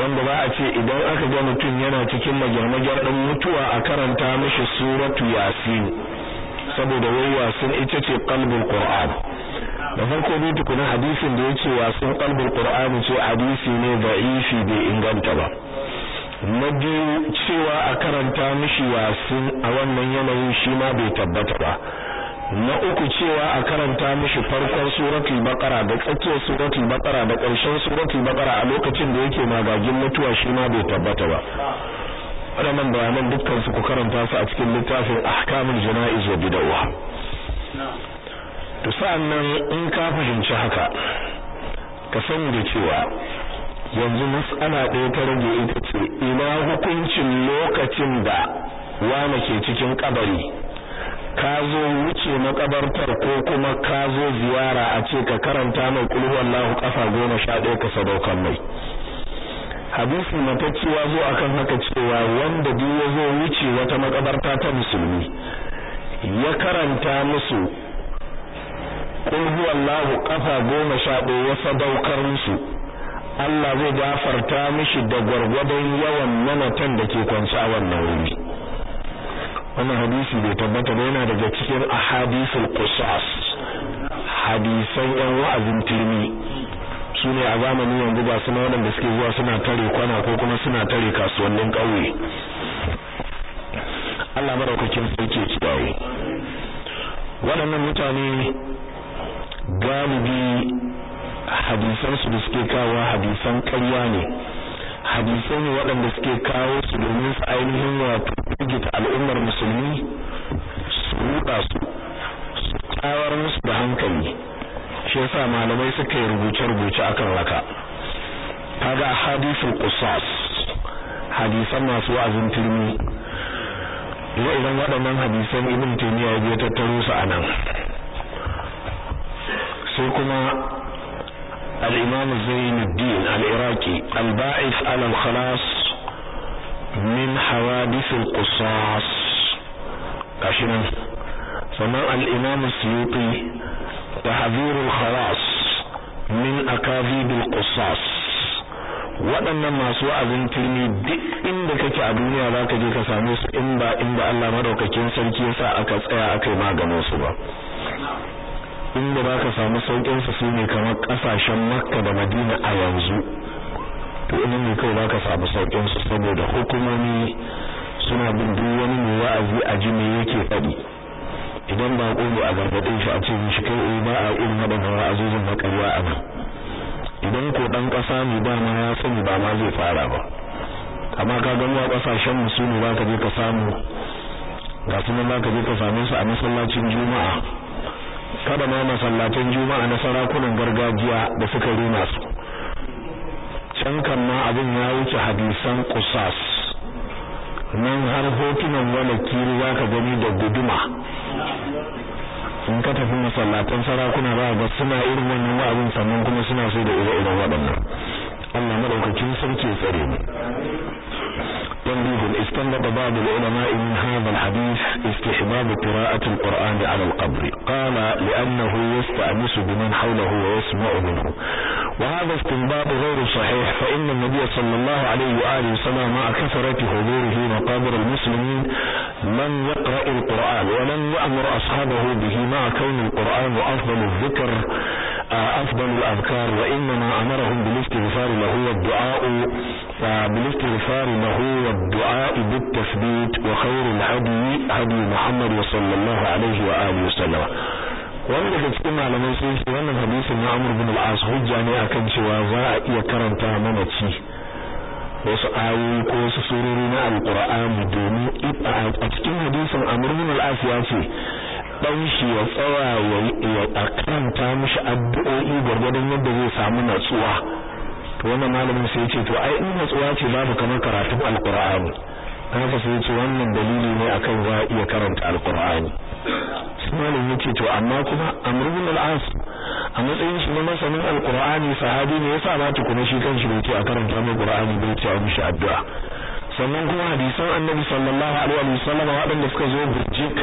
wanda ba a ce idan aka ga mutum yana cikin majarmajar ɗan mutuwa a karanta mashi suratu yasin saboda wai wasin ita ce kalbin qur'an da farko dai tukuna hadisin da yace wasin kalbin qur'an ce hadisi ne da'ifi bai inganta ba na biyu cewa a karanta mashi yasin a wannan yanayin shi ma bai tabbata ba na uku cewa a karanta mishi farkon suratul baqara da tsakiyar suratul baqara da ƙarshen suratul baqara a lokacin da yake magagin mutuwa shi ma bai tabbata ba waɗannan bayanan dukkan su ku karanta su a cikin littafin ahkamul jana'iz wa bid'ah to sa'annan in ka fahimci haka ka sani da cewa yanzu mas'ala ɗaya ta rage ita ce ina hukuncin lokacin da wane ke cikin kabari ka zo wuce makabartar ko kuma ka zo ziyara a ce ka karanta mai kulhu wallahu kafa goma sha ɗaya ka sadaukar mai hadisi ta cewa zo akan haka cewa wanda duk ya zo wuce wata makabarta ta musulmi ya karanta musu kulhu wallahu kafa goma sha ɗaya ya sadaukar musu Allah zai gafarta mishi da gwargwadon yawan manatan da ke kwanci a wannan wuri wannan hadisi bai tabbata ba yana daga cikin ahadisul qusas hadisan yan wa'azin turmi su ne a zamani yanzu ba su waɗanda suke zuwa suna tare kwana ko kuma suna tare kasuwannin ƙauye Allah maraukakin sarki kiyaye waɗannan mutane galibi hadisansu da suke kawo hadisan ƙarya ne hadisai ne waɗanda suke kawo su domin su ainihin wato firgita al'ummar musulmi su ruɗa su su tawar musu da hankali shi yasa malamai suka yi rubuce-rubuce akan ta kaga hadisul qisas hadisan masu wa'azin turmi ya idan waɗannan hadisan ibn taymiya ya je tattaro su anan sai kuma الإمام زين الدين العراقي الباعث على الخلاص من حوادث القصاص عشان سماء الإمام السيوطي تحذير الخلاص من أكاذيب القصاص waɗannan masu wa'azin turmi duk inda kake a duniya za ka je ka same su in ba inda Allah madaukakin sarki ya sa aka tsaya aka yi maganin su ba inda za ka samu saukin su shine kamar kasashen makka da madina a yanzu to inda ne kai za ka samu saukin su saboda hukumomi suna bin duk wani mai wa'azi a jini yake faɗi idan ba ne a gargaɗe shi a ce shi kai eh, ba a irin waɗannan wa'azozin na ƙarya a nan idan ko ɗan ƙasa ne ba ma ya sani ba ma zai fara ba amma ka ga wa ƙasashen mu su ne za ka je ka samu ga su ka je ka same su a masallacin juma'a kada ma masallatan juma'a na sarakunan gargajiya da suka rina su can kan ma abin ya wuce hadisan kusas nan har hotunan walakiri za ka gani da guduma in ka tafi masallatan sarakuna ba ga suna irin wannan wa'azin sannan kuma suna so da ire-iren waɗannan Allah madaukakin sarki tsare mu ينبغي استنبط بعض العلماء من هذا الحديث استحباب قراءة القرآن على القبر قال لأنه يستأنس بمن حوله ويسمع منه وهذا استنباط غير صحيح فإن النبي صلى الله عليه وآله وسلم مع كثرة حضوره مقابر المسلمين لم يقرأ القرآن ولم يأمر أصحابه به مع كون القرآن أفضل الذكر آه، أفضل الأذكار وإنما أمرهم بالاستغفار له والدعاء بالاستغفار له والدعاء بالتثبيت وخير الهدي هدي محمد صلى الله عليه وآله وسلم wanda daga cikin malamai sun ce wannan hadisin na Amr bin al-As hujja ne akan cewa za a iya karanta mana ci wasu ayoyi ko wasu surori na alqur'ani domin a cikin hadisin Amr bin al-As ya ce dan shi ya tsawa ya karanta mishi addu'o'i gwargwadon yadda zai samu natsuwa to wannan malamin sai ya ce to ai in natsuwa ce babu kamar karatun alqur'ani haka sai ya ce wannan dalili ne akan za a iya karanta alqur'ani malamin ya ce to amma kuma Amrul al a matsayin shi na masanin al sahabi ne yasa ba tukuna shi kan bai ce a karanta mai Qur'ani bai ce a mishi addu'a sannan kuma hadisan annabi sallallahu alaihi wa sallam waɗanda suka zo burjik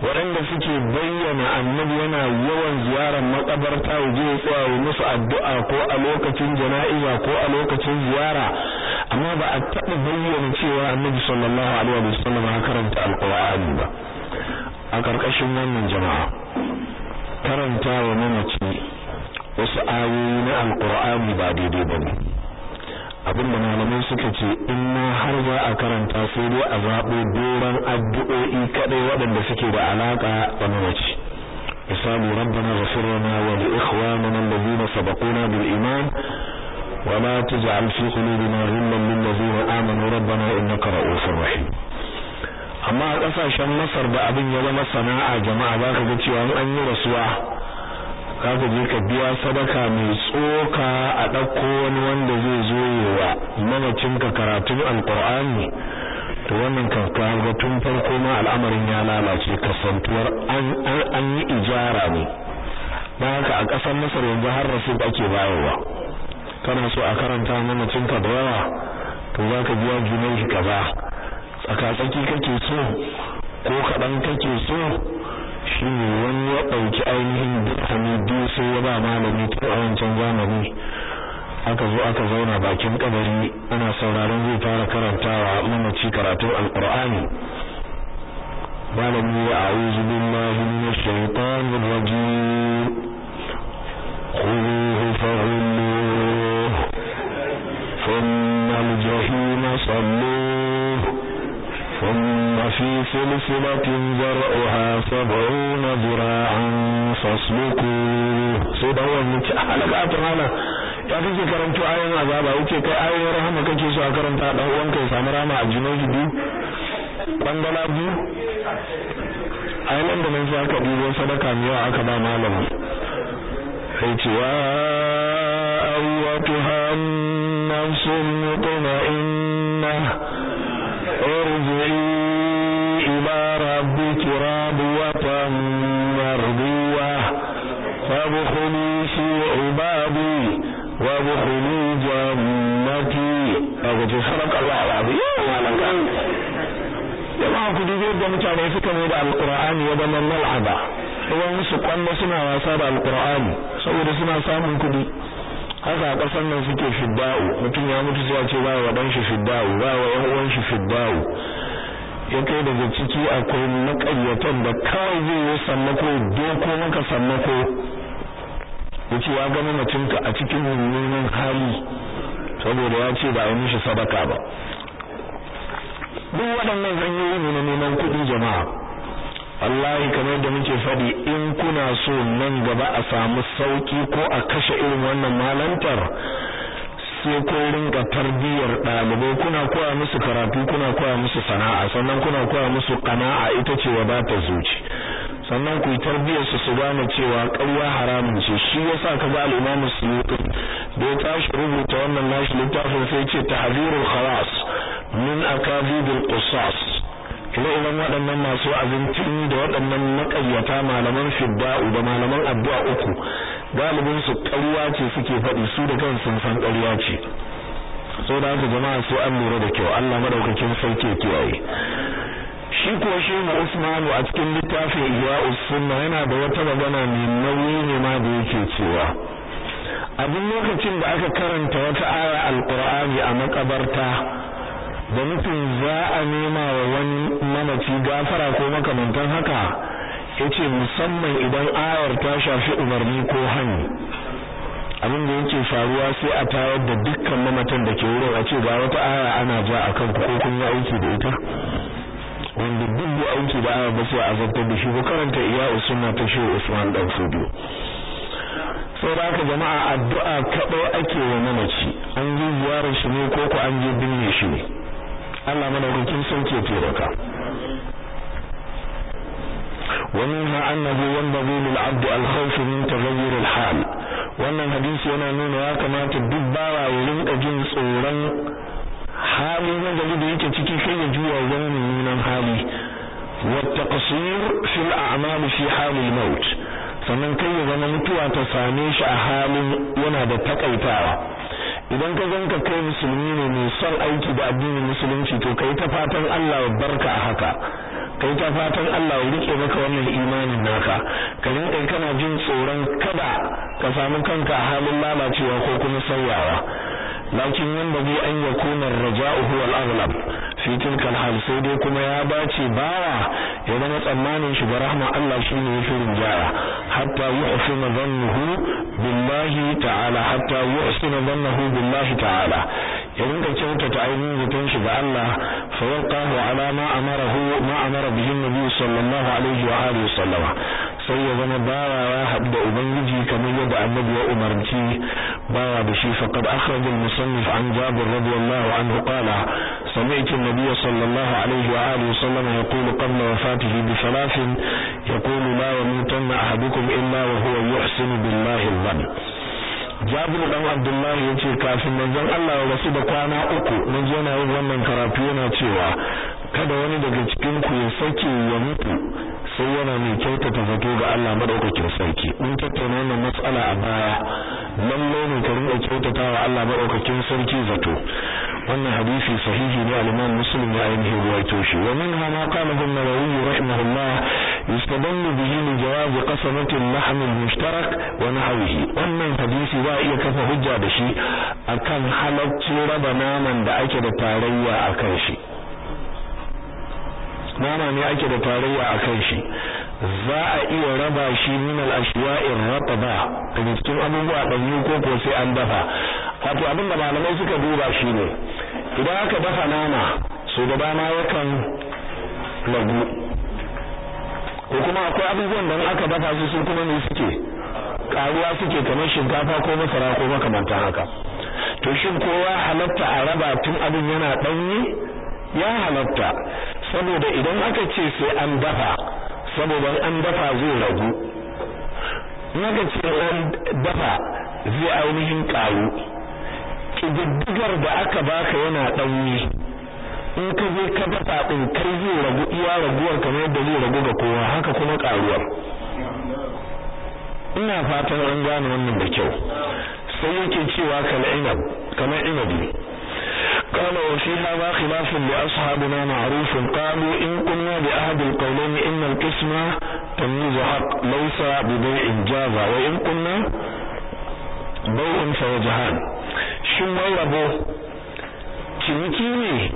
waɗanda suke bayyana annabi yana yawan ziyarar makabarta ya je tsaya yi musu addu'a ko a lokacin jana'iza ko a lokacin ziyara amma ba a taɓa bayyana cewa annabi sallallahu alaihi wa sallam ya karanta alqur'ani ba a ƙarƙashin wannan jama'a karanta wa mamaci wasu ayoyi na alqur'ani ba daidai ba ne abinda malamai suka ce in ma har za a karanta sai dai a zaɓo doron addu'o'i kaɗai waɗanda suke da alaƙa da mawaci misali rabbana ghfir wa li ikhwanina alladhina sabaquna bil iman wa la tuj'al fi qulubina ghillan lil ladzina amanu rabbana innaka ra'ufur rahim amma a ƙasashen Masar da abin ya zama sana'a jama'a zaka ga cewa an yi rasuwa za ka je ka biya sadaka mai tsoka a ɗauko wani wanda zai zo wa mamacinka karatun alƙur'ani to wannan kan ga tun farko ma al'amarin ya lalace kasantuwar an yi ijara ne don haka a ƙasar masar yanzu har rasu ake bayarwa kana so a karanta ka da yawa to za ka biya junai kaza tsaka-tsaki kake so ko kaɗan kake so shi wani ya ɗauki ainihin dirhami biyu sai ya ba malami ta a wancan zamani aka zo aka zauna bakin kabari ana sauraron zai fara karantawa mamaci karatun alƙur'ani malami ya a'udhu billahi na shaitanir rajim khudhuhu faghulluhu thumma al-jahima ثم في سلسلة زرعها سبعون ذراعا فاسلكوه sai da wannan yace halaka turhana ya kake karanto ayoyin azaba yace kai ayoyin rahama kake so a karanta dan uwan kai samu rama a jinoji biyu bangala biyu ayoyin da nan sai aka dubo sadaka ne aka ba malama sai ce wa awwatuha nafsun mutma'in ربوة مرضوة فادخلي Da عبادي وادخلي جنتي أقول صدق الله العظيم jama'a ku dubi yadda mutane suka mai da alqur'ani ya zama mal'aba ruwan su kwallo suna wasa da alqur'ani saboda suna samun kuɗi. haka a ƙasar nan suke fidda'u mutum ya mutu sai ce ba wa dan shi fidda'u ba wa yan uwan fidda'u ya kai daga ciki akwai makayyatan da kawai zai yi sannako doko maka sannako ya ce ya gama mutunka a cikin mummunan hali saboda ya ce ba a yi mishi sadaka ba duk waɗannan hanyoyi ne na neman kuɗi jama'a wallahi kamar da muke faɗi in kuna so nan gaba a samu sauki ko a kashe irin wannan malantar sai kun rinka tarbiyyar ɗalibai kuna koya musu karatu kuna koya musu sana'a sannan kuna koya musu kana'a ita ce ta zuci sannan ku tarbiyar su su gane cewa ƙarya haramun ce shi yasa ka ga imam Suyuti da ya tashi rubuta wannan nashi littafin sai ce tahdhirul khalas min akadhibil qisas kuma idan waɗannan masu abinci da waɗannan maƙayyata malaman fidda'u da malaman addu'a uku galibin su ƙarya ce suke faɗi su da kan sun san ƙarya ce so da haka jama'a sai an lura da kyau Allah madaukakin sarki kiyaye shi ko mu Usmanu a cikin littafin Ihya'us Sunna yana da wata magana mai nauyi ne ma da yake cewa abin lokacin da aka karanta wata aya alqur'ani a makabarta da mutum za a nema wa wani mamaci gafara ko makamantan haka yace musamman idan ayar ta shafi umarni ko hani abin da yake faruwa sai a tayar da dukkan mamatan da ke wurin a ce ga wata aya ana ja a kanku ko kun yi aiki da ita wanda duk da aiki da aya ba sai a zartar da shi ko karanta iya usunna ta shi Usman dan Fudu sai da haka jama'a addu'a kaɗai ake wa mamaci an yi ziyarar shi ne ko ko an je binne shi ne Allah madaukakin sauke taimaka ومنها أنه ينبغي للعبد الخوف من تغير الحال wannan hadisi yana nuna ya kamata duk bawa ya rinka jin tsoron hali na gari da yake ciki kai ya juya wani mummunan hali wata qasir fil a'mal fi hal al maut sannan kai ya zama mutuwa ta same shi a halin yana da takaitawa idan ka zanka kai musulmi ne mai son aiki da addinin musulunci to kai ta fatan Allah ya barka a haka kai ta fatan Allah ya rike maka wannan imanin naka ka rinka kana jin tsoron kada ka samu kanka a halin lalacewa ko kuma sauyawa lakin yanda zai an ya kunar raja'u huwa al-aghlab fi tilka al sai dai kuma ya dace bawa ya zama tsammanin shi ga rahma Allah shine yafi rinjaya hatta yuhsina dhannuhu billahi ta'ala hatta yuhsina dhannuhu billahi ta'ala يدعون كنت تعيني لتنشي بأله فوقه على ما أمره ما أمر به النبي صلى الله عليه وآله وسلم سيدنا بارا أبدأ بنجي كما يدعى النبي وأمر بكي بارا بشي فقد أخرج المصنف عن جابر رضي الله عنه قال سمعت النبي صلى الله عليه وآله وسلم يقول قبل وفاته بثلاث يقول لا يموتن أحدكم إلا وهو يحسن بالله الظن jabir dan abdullahi ya ce kafin manzon Allah ya rasu da kwana uku mun je na yin wannan karatu yana cewa kada wani daga cikin ku ya sake ya mutu sai yana mai kyautata zato ga Allah madaukakin sarki mun tattauna wannan matsala a baya lalle ne ka rinka kyautata wa Allah madaukakin sarki zato wannan hadisi sahihi ne al-Imam Muslim ya ainihin ruwaito shi wa min ma qala an-Nawawi rahimahullah yustadallu bihi li jawaz qasamati al-lahm al-mushtarak wa nahwihi wannan hadisi za iya kafa hujja da shi akan halaccin raba naman da ake da tarayya akan shi nama ne ake da tarayya a kan shi za a iya raba shi min al ashwa'ir rataba daga cikin abubuwa ɗanyu ko ko sai an dafa wato abin da malamai suka duba shi ne idan aka dafa nama so da dama yakan lagu ko kuma akwai abubuwan da aka dafa su su kuma ne suke karuwa suke kamar shinkafa ko masara ko makamantan haka to shin kowa halatta a raba tun abin yana ɗanyi ya halatta saboda idan aka ce sai an dafa saboda an dafa zai ragu in ce an dafa zai ainihin karu kididdigar da aka baka yana ɗanyi in ka je ka dafa ɗin kai zai ragu iya raguwar kamar yadda zai ragu ga kowa haka kuma karuwar ina fatan an gane wannan da kyau sai yake cewa kamar inabi قال وفي هذا خلاف لأصحابنا معروف قالوا إن قلنا بأحد القولين إن القسمة تمييز حق ليس ببيع جاز وإن قلنا بيع فوجهان شن ربو ciniki ne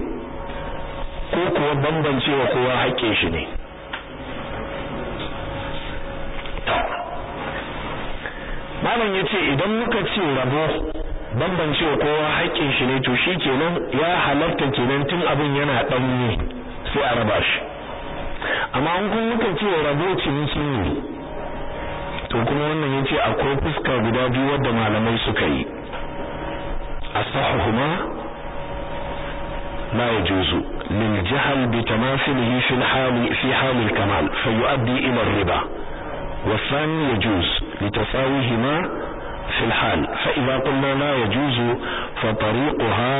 ko kuwa bambance wa kowa haƙƙin shi ne malam ya ce idan muka ce rabo bambance kowa haƙƙin shi ne to shi kenan ya halarta kenan tun abin yana ɗanye sai a raba shi amma an kun muka ce rabo ciniki ne to kuma wannan yace akwai fuska guda biyu wadda malamai suka yi asahuhuma la yajuzu lil jahal bi tamasilihi fi hali fi hali kamal fa yuaddi ila ar ya والثاني يجوز لتساويهما في الحال فإذا قلنا لا يجوز فطريقها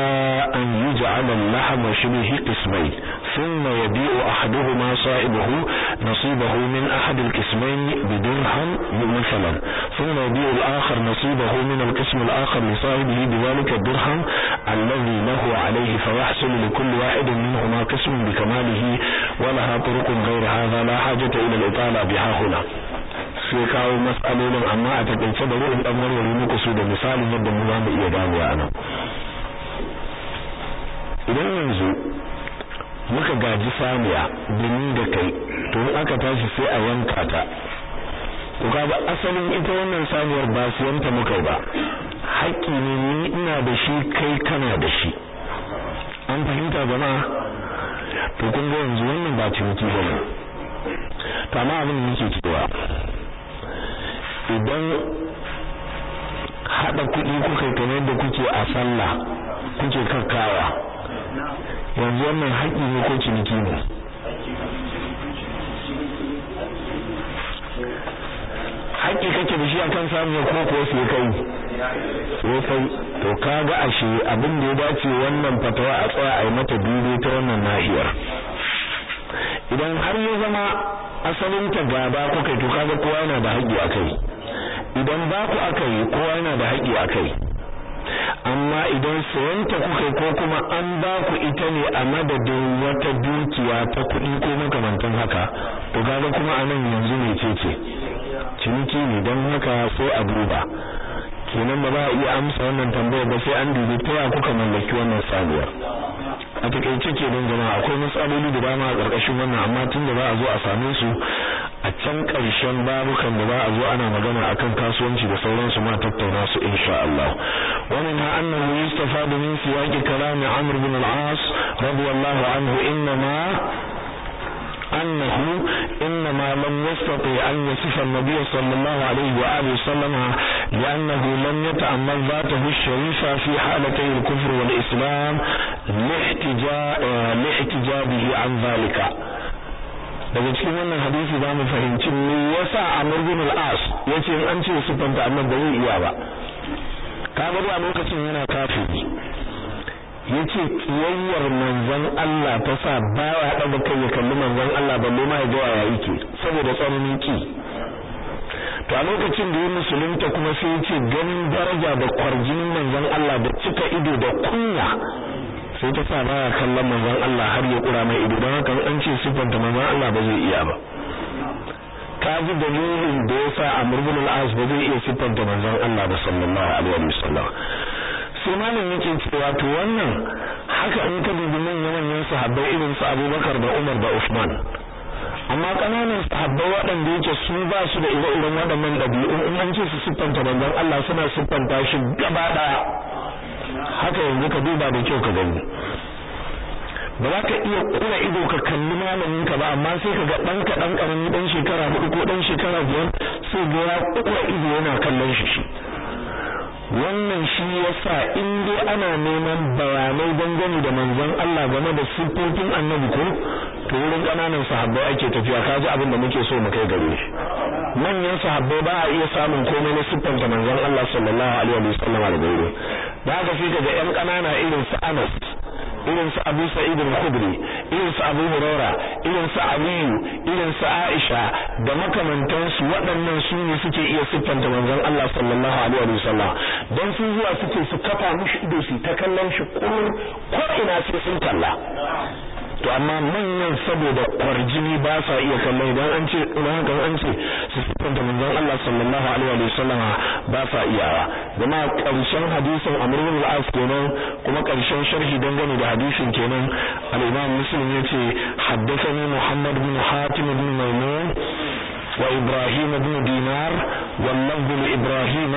أن يجعل اللحم شبه قسمين ثم يبيع أحدهما صاحبه نصيبه من أحد القسمين بدرهم مثلا ثم يبيع الآخر نصيبه من القسم الآخر لصاحبه بذلك الدرهم الذي له عليه فيحصل لكل واحد منهما قسم بكماله ولها طرق غير هذا لا حاجة إلى الإطالة بها هنا sai kawo matsalolin amma a takaice da ruwan dan warware muku su da misalin yadda mu za mu iya gano a nan idan yanzu muka gaji samiya domin da kai to in aka tashi sai a wanka ta to ba asalin ita wannan saniyar ba su yanta muka ba haƙƙi ne ni ina da shi kai kana da shi an fahimta ma to kun ga yanzu wannan ba ciniki ba ne ma abin da nake cewa idan haɗa kuɗi kuka kamar da kuke a sallah kuke kakkawa yanzu wannan haƙi ne ko ciniki ne haƙi kake da shi akan samu ko ko sai kai sai kai to kaga ashe abin da ya dace wannan fatawa a tsaya a yi mata dubi ta wannan nahiyar idan har ya zama asalin ta gaba kuka to kaga kowa yana da haƙi akai idan ba ku aka yi kowa yana da haƙi a kai amma idan sayanta kuka yi ko kuma an ba ku ita ne a madadin wata dukiya ta kuɗi ko makamantan haka to kaga kuma a nan yanzu ne ce ce ciniki ne don haka sai a duba kenan ba za a iya amsa wannan tambayar ba sai an dubi ta ya kuka mallaki wannan sabuwar a takaice don jama'a akwai matsaloli da dama a ƙarƙashin wannan amma tun da za a zo a same su a can ƙarshen babukan da za a zo ana magana akan kasuwanci da sauransu ma tattauna su insha Allah wa min ha annahu yustafadu min siyaqi kalami Amr bin al-As radiyallahu anhu innama أنه إنما لم يستطع أن يصف النبي صلى الله عليه وآله وسلم لأنه لم يتأمل ذاته الشريفة في حالتي الكفر والإسلام لاحتجابه عن ذلك daga cikin wannan hadisi za mu fahimci me yasa Amr bin al-As yace in an ce sifanta annabi ba zai iya ba kamar a lokacin yana ya yace kiyayyar manzon Allah ta sa bawa ɗaga kai ya kalli manzon Allah balle ma ya ga ya yake saboda tsaunin ki to a lokacin da ya musulunta kuma sai yace ganin daraja da kwarjinin manzon Allah da cika ido da kunya sai ta sa baya kallon manzon Allah har ya kura mai ido don haka an ce siffanta manzon Allah ba zai iya ba ta ji dalilin da ya sa a ibn al ba zai iya siffanta manzon Allah ba sallallahu alaihi sai malam yake cewa to wannan haka in ka dubi manyan manyan sahabbai irin su Abubakar da Umar da usman amma kananan sahabbai waɗanda yake su ba su da ire-iren waɗannan ɗabi'u in an ce su siffanta manzon Allah suna siffanta shi gaba ɗaya haka yanzu ka duba da kyau ka gani ba za ka iya kura ido ka kalli malamin ka ba amma sai ka ga dan ka dan karami dan shekara hudu ko dan shekara biyar sai ga ya kura ido yana kallon shi shi wannan shi yasa in dai ana neman bayanai dangane da manzon Allah game da sifofin annabi ko to wurin kananan sahabbai ake tafiya kaji abin da muke so mu kai gare shi manyan sahabbai ba a iya samun komai na siffanta manzon Allah sallallahu alaihi wasallam da gare da aka fi daga yan ƙanana irin su Anas irin su Abu Sa'id al-Khudri irin su Abu hurara irin su Aliyu irin su Aisha da makamantan su waɗannan su ne suke iya siffanta manzon Allah sallallahu alaihi wa sallam dan su zuwa suke su kafa mushi ido su ta kallon shi kullum ko ina sai sun kalla to amma manyan saboda kwarjini ba sa iya kallon idan an ce idan an ce su siffanta manzon Allah sallallahu alaihi wa sallam ba sa iyawa zama karshen hadisin amrul al-as kenan kuma karshen sharhi dangane da hadisin kenan al-imam muslim yace haddathani muhammad bin hatim bin maimun وإبراهيم بن دينار واللفظ لإبراهيم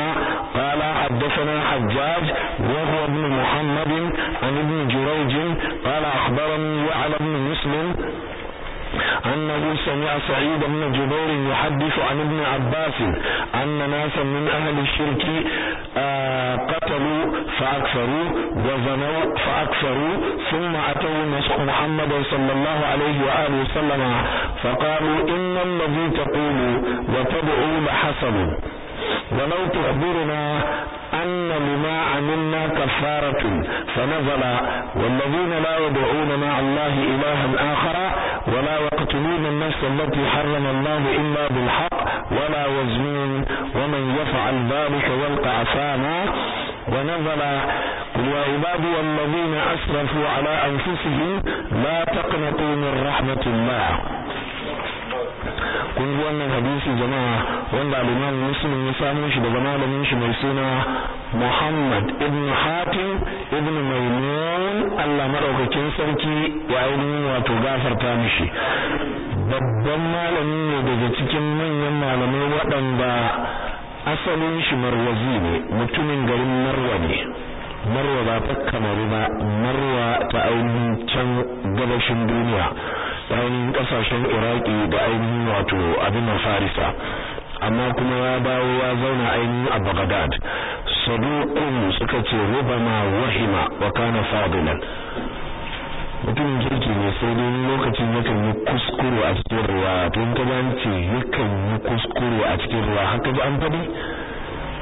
قال حدثنا حجاج وهو ابن محمد عن ابن جريج قال أخبرني وعلى ابن muslim أبو سمع سعيد بن جبير يحدث عن ابن عباس أن ناسا من أهل الشرك آه، قتلوا فأكثروا وزنوا فأكثروا ثم أتوا محمد صلى الله عليه وآله وسلم فقالوا إن الذي تقول وتدعو لحسن ولو تخبرنا أن لما عملنا كفارة فنزل والذين لا يدعون مع الله إلها آخر ولا يقتلون النفس التي حرم الله إلا بالحق ولا يزنون ومن يفعل ذلك يلقى عصانا ونزل قل يا عبادي الذين أسرفوا على أنفسهم لا تقنطوا من رحمة الله kun ji wannan hadisi jama'a wanda al-Imam ya samu shi daga malamin shi mai suna Muhammad ibn Hatim ibn Maimun Allah madaukakin sarki ya ainihin wato gafarta mishi babban malami ne daga cikin manyan malamai waɗanda asalin shi marwazi ne mutumin garin marwa ne marwa ba ta kamaru ba marwa ta ainihin can gabashin duniya wani kasashen iraki da ainihin wato abin farisa amma kuma ya dawo ya zauna ainihin a bagdad saduqun suka ce rubama wahima wa kana fadilan mutumin kirki ne sai dai lokacin yakan yi kuskure a cikin ruwa tun ta ce yakan yi kuskure a cikin ruwa haka ji an faɗi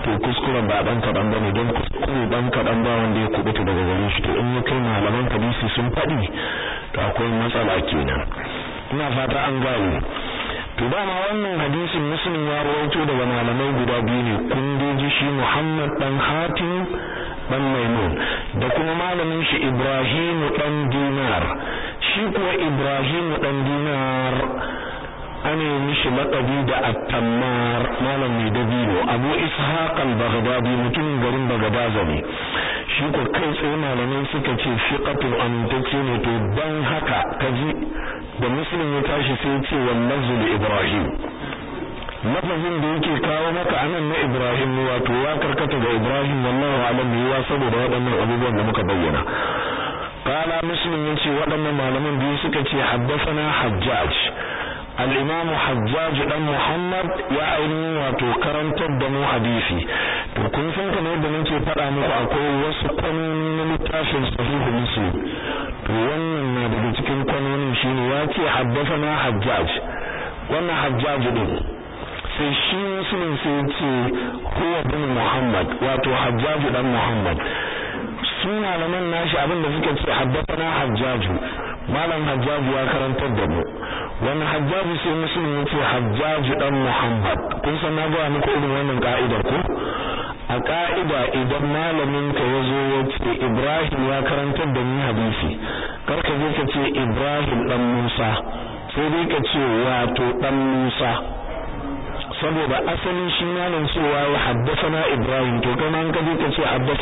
to kuskuren ba dan kaɗan ba ne don kuskure dan kaɗan ba wanda ya kubuta daga gare shi to in ya kai malaman hadisi sun faɗi to akwai matsala kenan ina fata an gane to dama wannan hadisin muslim ya rawaito daga malamai guda biyu ne kun ji shi muhammad dan hatim dan maimun da kuma malamin shi ibrahim dan dinar shi kuwa ibrahim dan dinar ana mishi laƙabi da attammar malam mai dabino abu ishaq al-baghdadi mutumin garin baghdad ne shi ko kai tsaye malamai suka ce fiqatul amintacce ne to dan haka kaji da muslim ya tashi sai ce wallazu ibrahim lafazin da yake kawo maka anan na ibrahim ne wato ya karkata ga ibrahim wallahu alam ya saboda waɗannan abubuwan da muka bayyana قال مسلم يقول suka ce haddasa حدثنا حجاج al-imam hajjaj dan muhammad ya aini wato karantar da mu hadisi to kun san kamar yadda muke faɗa muku akwai wasu kwanoni na littafin sahihu muslim to wannan na daga cikin kwanonin shine ya ce haddasa na hajjaj wannan hajjaj din sai shi musulun sai ce huwa bin muhammad wato hajjaju dan muhammad suna su nan nashi abinda suka ce haddasa na hajjaju malam hajjaju ya karantar da mu wani hajjaji sai musulmi ce hajjaji dan muhammad kun san na gaya muku irin wannan ka'idar ko a ka'ida idan malamin ka ya zo ya ce ibrahim ya karantar da ni hadisi kar ka je ka ce ibrahim dan musa sai dai ka ce wato dan musa saboda asalin shi malam cewa ya na ibrahim to kai an ka je ka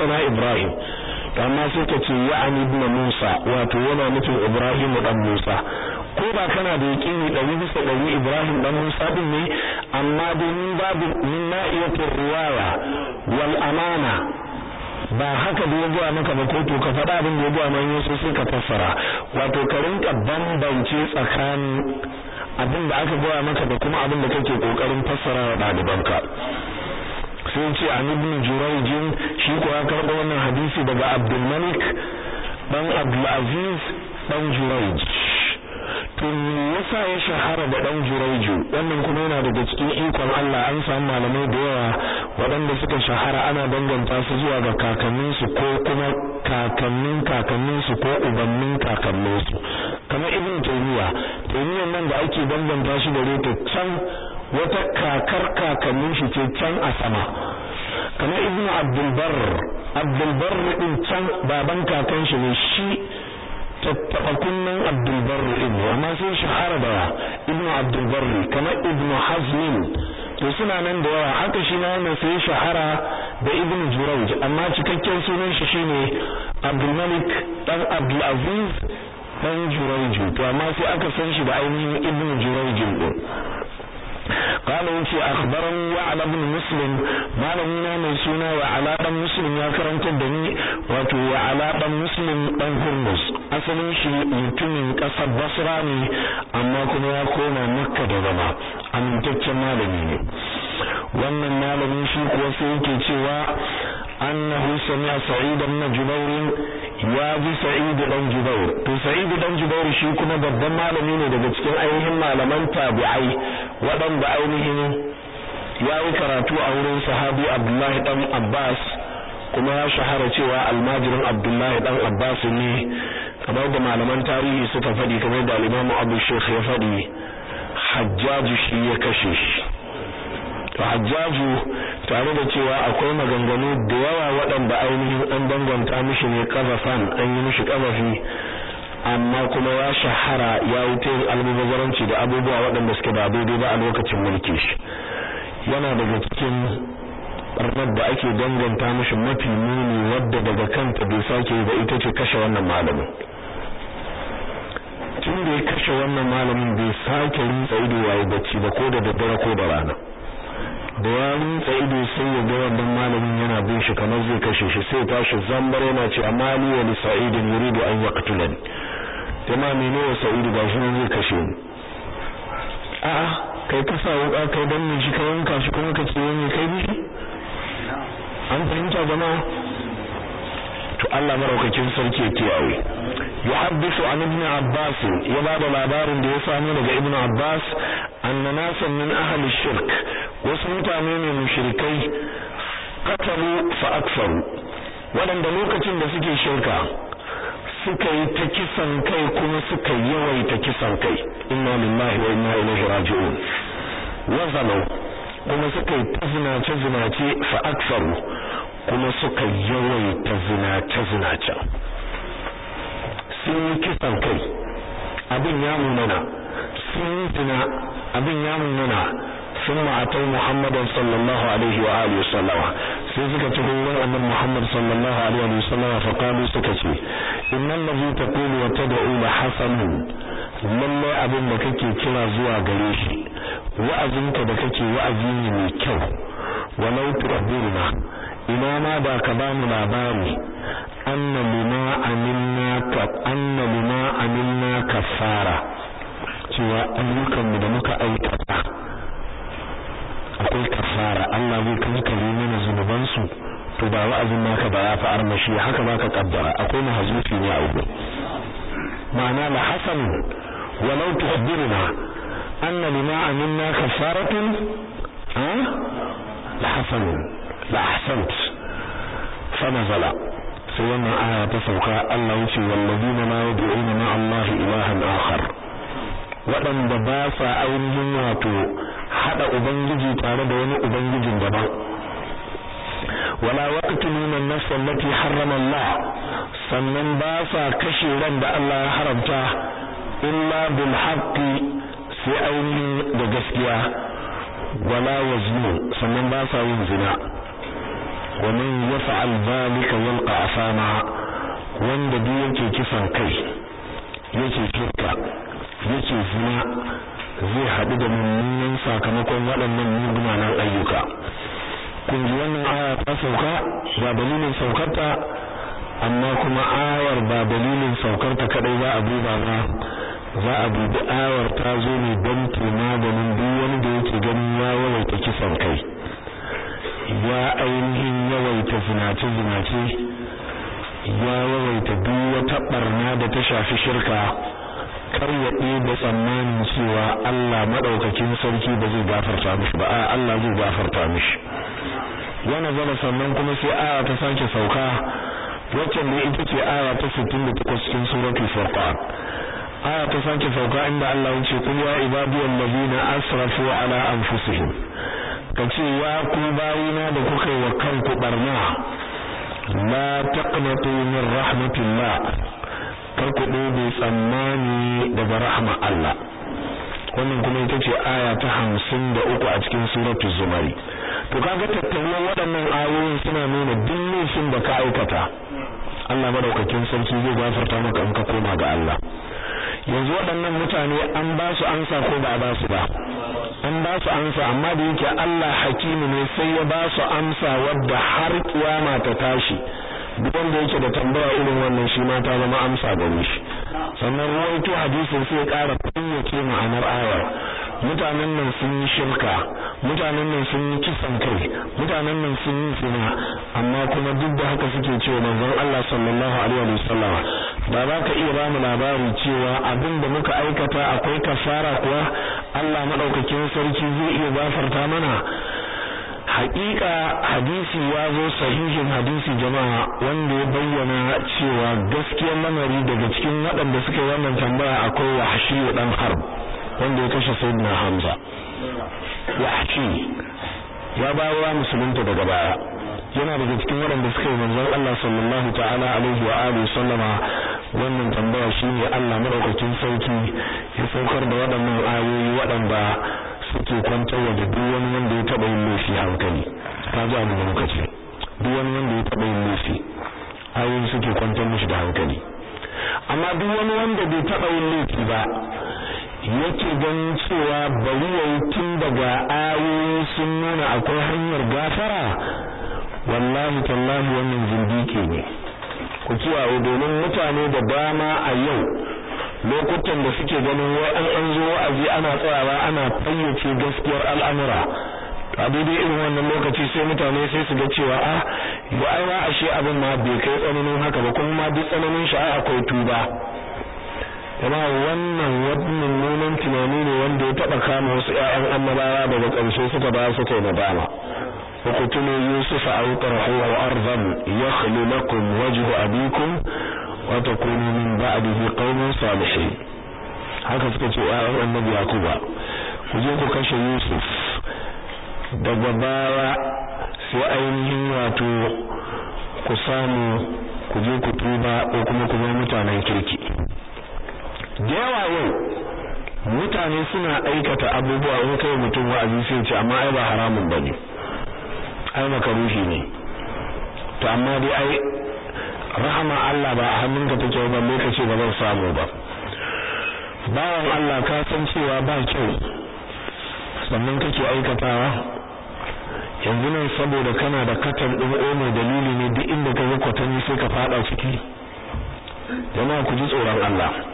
ce na ibrahim amma sai ka ce ya ibn musa wato yana nufin ibrahim dan musa ko ba kana da yaƙini ɗari bisa ɗari Ibrahim dan Musa din ne amma domin babu min na'iyatul riwaya wal amana ba haka da ya zuwa maka ba ko to ka faɗa abin da ya zuwa man yaso sai ka fassara wato ka rinka bambance tsakanin abin da aka zuwa maka da kuma abin da kake kokarin fassara wa ɗalibanka sun ce an ibn jurayjin shi ko ya karɓo wannan hadisi daga Abdul Malik dan Abdul Aziz dan jurayj to yasa ya shahara da dan jurayju wannan kuma yana daga cikin ikon Allah an samu malamai da yawa waɗanda suka shahara ana danganta su zuwa ga kakannin su ko kuma kakannin kakannin su ko ubannin kakannin su kamar ibn taymiya taymiya nan da ake danganta shi da ta can wata kakar kakannin shi ce can a sama kamar ibn abdul barr abdul barr din can baban kakan shi ne shi tattaɓa kunnen abdulbarri ibnu amma sun shahara da ibnu abdulbarri kamar ibnu hazmin to suna nan da yawa haka shi ma sai shahara da ibnu jurauj amma cikakken sunan shi shine abdulmalik dan abdulaziz dan jurauj to amma sai aka san shi da ainihin ibnu jurauj din قال يمشي أخبرني وعلى بن مسلم ما لنا من سنة وعلى بن مسلم يا كرم تدني وتو وعلى بن مسلم بن هرمز asalin shi mutumin ƙasar basra ne amma kuma ya koma makka da zama amintaccen malami ne wannan malamin shi kuwa sai yake cewa annahu sami'a sa'id ibn jubair ya ji sa'idu dan jubair to sa'idu dan jubair shi kuma babban malami ne daga cikin ainihin malaman tabi'ai waɗanda ainihin ya yi karatu a wurin sahabi abdullahi dan abbas kuma ya shahara cewa almajirin abdullahi dan abbas ne kamar da malaman tarihi suka faɗi kamar da alimamu abu shekh ya faɗi hajjaju shi ya kashe shi to hajjaju tare da cewa akwai maganganu da yawa waɗanda ainihin an danganta mishi ne kazafan an yi mishi kazafi amma kuma ya shahara ya wuce almubazaranci da abubuwa waɗanda suke da daidai ba a lokacin mulki yana daga cikin barnar da ake danganta mashi mafi muni wadda daga kanta bai sake yi ba ita ce kashe wannan malamin tun da ya kashe wannan malamin bai sake rintsa ido yayi bacci ba ko da daddare ko da rana da ya rintsa ido sai ya ga wannan malamin yana bin shi kamar zai kashe shi sai tashi zambar yana ce amali wa li sa'idin yuridu an yaqtulani jama'a mene wa sa'idu shi nan zai kashe ni a'a kai ka sa wuka kai ne shi ka yanka shi kuma ka ce wani kai bishi an fahimta jama'a to Allah maraukakin sarki ya kiyaye yuhaddisu an ibn abbas ya bada labarin da ya samu daga ibn abbas anna nasan min ahli shirk wasu mutane ne mushrikai qatalu fa akfaru waɗanda lokacin da suke shirka suka yi ta kisan kai kuma suka yawaita kisan kai inna lillahi wa inna ilaihi raji'un wa zalau kuma suka yi ta zinace zinace fa aksar kuma suka yawai ta zinace zinace sun yi kisan kai abin ya munana sun yi zina abin ya munana sun ma'atar muhammadan sallallahu alaihi wa alihi sallama sai suka ci gungun annan muhammad sallallahu alaihi wa sallama fa kamu suka ce in nan na zuta kuma wata da'u ba hasanu lallai abin da kake kira zuwa gare shi wa'azinka da kake wa'azi ne mai kyau walau tuhbirna ina ma ba ka ba mu labari anna lima aminna ka anna lima aminna kafara cewa ayyukan mu da muka aikata akwai kafara Allah zai kankare mana zunuban su to ba wa'azin naka ba ya fi armashi haka ka kaddara akwai mahazufi ne a ugu ma'ana la hasan walau tuhbirna أن لما عملنا خسارة لحسن لأحسنت فنزل فيما آية تسوقاء الله والذين لا يدعون مع الله إلها آخر وأن دباسا أو الجنوات حتى أبنجي تارد وأن أبنجي دبا ولا وقت من النفس التي حرم الله سنن باسا كشيرا لند الله حرمته إلا بالحق sai aure da gaskiya wala waznu sannan ba sa yin zina wa man yaf'al dhalika a sama wanda duk yake kisan kai yake kirka yake zina zai haɗu da mummunan sakamakon waɗannan mugunanan ayyuka kun ji wannan aya ta sauka ba dalilin saukarta amma kuma ayar ba dalilin saukarta kaɗai za a duba ba za a bude awar ta zo ne don ke maganin duk wani da yake gani ya yawaita kisan kai ya ainihin yawaita zinace-zinace ya yawaita duk wata barna da ta shafi shirka kar ya da tsammanin cewa Allah maɗaukakin sarki ba zai gafarta mishi ba a Allah zai gafarta mishi yana zama sannan kuma sai aya ta sake sauka wacce ne ita ce aya ta 68 cikin suratul furqan aya ta sake sauka inda Allah ya ce kun ya ibadiyal ladina asrafu ala anfusihim kace ya ku na da kuka yi wa kanku barna la taqnatu min rahmatillah kar ku dobe tsammani daga rahma Allah wannan kuma ita ce aya ta hamsin da uku a cikin suratu zumari to kaga tattaruwar waɗannan ayoyin suna nuna duk laifin da ka aikata Allah madaukakin sarki zai gafarta maka in ka koma ga Allah yanzu waɗannan mutane an ba su ansa ko ba ba su ba an ba su amsa amma da yake Allah hakimi ne sai ya ba su amsa wadda har kiyama ta tashi duk wanda yake da tambaya irin wannan shi ma ta zama amsa gare shi sannan ruwaito hadisin sai ya ƙara fayyace ma'anar ayar mutanen nan sun yi shirka mutanen nan sun yi kisan kai mutanen nan sun yi zina amma kuma duk da haka suke cewa manzon Allah sallallahu alaihi wa sallam ba za ka iya bamu labari cewa abin da muka aikata akwai kafara kuwa Allah madaukakin sarki zai iya gafarta mana haƙiƙa hadisi ya zo sahihin hadisi jama'a wanda ya bayyana cewa gaskiyar lamari daga cikin waɗanda suka yi wannan tambaya akwai wahshi dan harb wanda ya kashe sayyidina hamza ya ce ya bawa musulunta daga baya yana daga cikin waɗanda suka yi manzon Allah sallallahu ta'ala alaihi wa alihi sallama wannan tambaya shine Allah madaukakin sauki ya saukar da waɗannan ayoyi waɗanda suke kwantarwa da duk wani wanda ya taɓa yin laifi hankali ka ji abin da muka ce duk wani wanda ya taɓa yin laifi ayoyi suke kwantar mishi da hankali amma duk wani wanda bai taɓa yin laifi ba yake ganin cewa bari yayi tun daga ayoyi sun nuna akwai hanyar gafara wallahi tallahi wannan ke ne ku kiyaye domin mutane da dama a yau lokutan da suke ganin wai an an zo wa'azi ana tsayawa ana fayyace gaskiyar al'amura a daidai irin wannan lokaci sai mutane sai su ga cewa a ah, ba ai ashe abin ma bai kai tsananin haka ba kuma ma duk tsananin shi akwai tuba kuma wannan wannan nunan tunani ne wanda ya taba kama wasu ƴaƴan annabawa daga ƙarshe suka ba suka yi nadama فقتلوا يوسف أو طرحوه أرضا lakum لكم abikum wa takunu min بعده قوم salihin haka suka ce ‘ya'yan annabi Yakuba ku je ku kashe Yusuf da gabawa sai ainihin wato ku samu ku je ku tuba ko kuma ku zama mutanen kirki da yawa yau mutane suna aikata abubuwa in kai mutum wa'azi sai ce amma ai ba haramun bane ai makaruhi ne to amma dai ai rahama Allah ba a hannunka take ba me kace ba zan samu ba bawan Allah ka san cewa ba kyau sannan kake aikatawa yanzu nan saboda kana da katan ɗin omo dalili ne duk inda ka yi kwatanni sai ka fada ciki jama'a ku ji tsoron Allah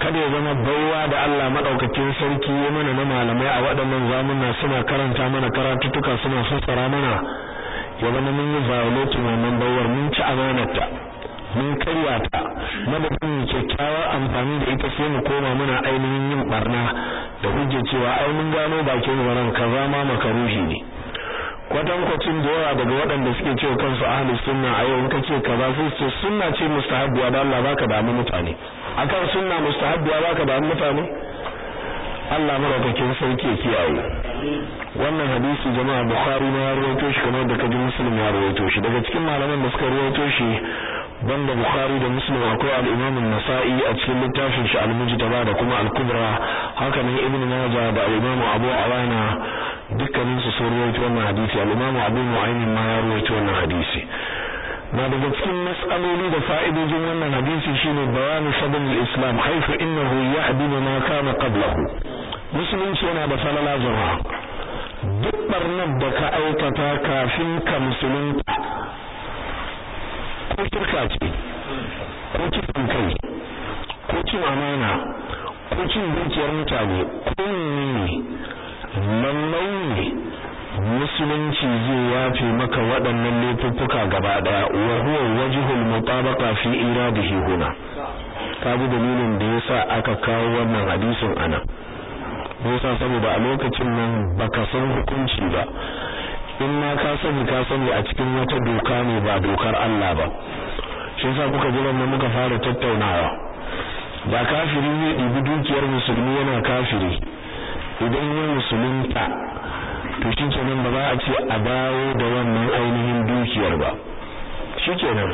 kada ya zama baiwa da Allah madaukakin sarki ya mana na malamai a waɗannan zamuna suna karanta mana karatuttuka suna fassara mana ya zama mun yi violating wannan baiwar mun ci amanarta mun karya ta madadin kyakkyawar amfani da ita sai mu koma muna ainihin yin barna da hujjar cewa ai mun gano bakin zaren kaza ma makaruhi ne kwatankwacin da yawa daga waɗanda suke cewa kansu ahlus sunna a yau ka ce kaza sai su ce sunna ce mustahabbiya da Allah baka damu mutane akan sunna mustahabbiya baka damu mutane Allah madaukakin sarki ya kiyaye wannan hadisi jama'a Bukhari na ya rawaito shi kamar da kaji Muslim ya rawaito shi daga cikin malaman da suka rawaito shi banda bukhari da muslim akwai al-imam nasai a cikin littafin shi al-mujtaba da kuma al-kubra haka ne ibnu majah da al-imam abu awana dukkanin su sun rawaito wannan hadisi al-imam abu mu'aymin ma ya rawaito wannan hadisi na daga cikin mas'aloli da fa'idojin wannan hadisi shine bayanu fadl islam haythu innahu yahdimu ma kana qablahu musulunci yana da falala jama'a duk barnar da ka aikata kafin ka musulunta ko shirka ce ko kisan kai ko cin amana ko cin dukiyar mutane ko ne lallai ne musulunci zai yafe maka waɗannan laifuffuka gaba ɗaya wa huwa wajhul mutabaqa fi iradihi huna kaji dalilin da yasa aka kawo wannan hadisin anan yasa saboda a lokacin nan baka san hukunci ba in ma ka sani ka sani a cikin wata doka ne ba dokar Allah ba shi yasa kuka ji nan muka fara tattaunawa ba kafiri ne ɗibi dukiyar musulmi yana kafiri idan ya musulunta to shi kenan ba za a ce a dawo da wannan ainihin dukiyar ba shi kenan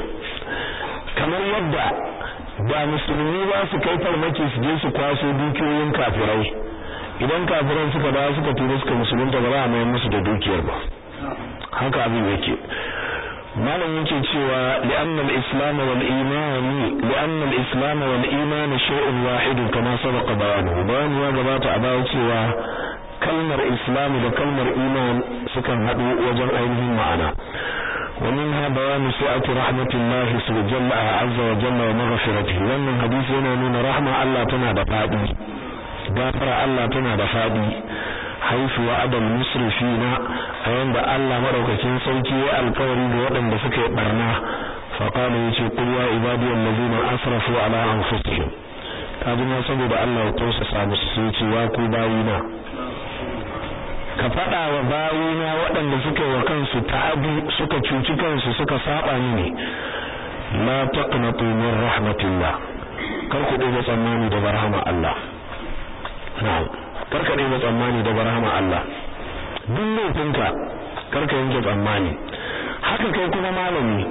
kamar yadda da musulmi ba su kai farmaki su je su kwaso dukiyoyin kafirai idan kafirai suka dawo suka tura suka musulunta ba za a mayar musu da dukiyar ba haka abin yake malam yake cewa li'anna al-islam wal iman li'anna al-islam wal iman shay'un wahid kama sabaqa bayanuhu bayan ya gabata a baya cewa kalmar islam da kalmar iman sukan hadu wajen ainihin ma'ana ومنها بيان سعة رحمة الله سبحانه عز وجل ومغفرته ومن حديث هنا من رحمة الله تنا دفادي غفر الله تنا دفادي haifu wa adal musrifina a yanda Allah madaukakin sauki ya alkawari ga waɗanda suka yi barna faqala yace qul ya ibadi allazina asrafu ala anfusihim kaji na saboda Allah ya samu su sai ce wa ku bayina ka faɗa wa bayina waɗanda suka yi wa kansu ta'abi suka cuci kansu suka saba ni ne la taqnatu min rahmatillah kar ku dubo tsammani da barhama Allah na'am karka ne tsammani daga rahama Allah duk laifinka karka yanke tsammani haka kai kuma malami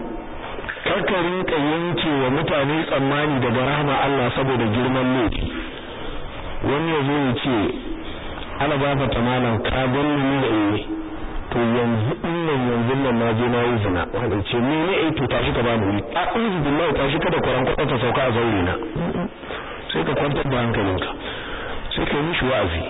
karka rinka yanke wa mutane tsammani daga rahama Allah saboda girman laifi wani ya zo ya ce ala ba ka malam ka ganni da ni to yanzu innan yanzu nan na je na yi zina wanda ce ni ne ai eh, to tashi ka ba mu a uzu billahi tashi da kwaran kwata ta sauka a zaure na sai ka kwantar da hankalinka sai ka yi mishi wa'azi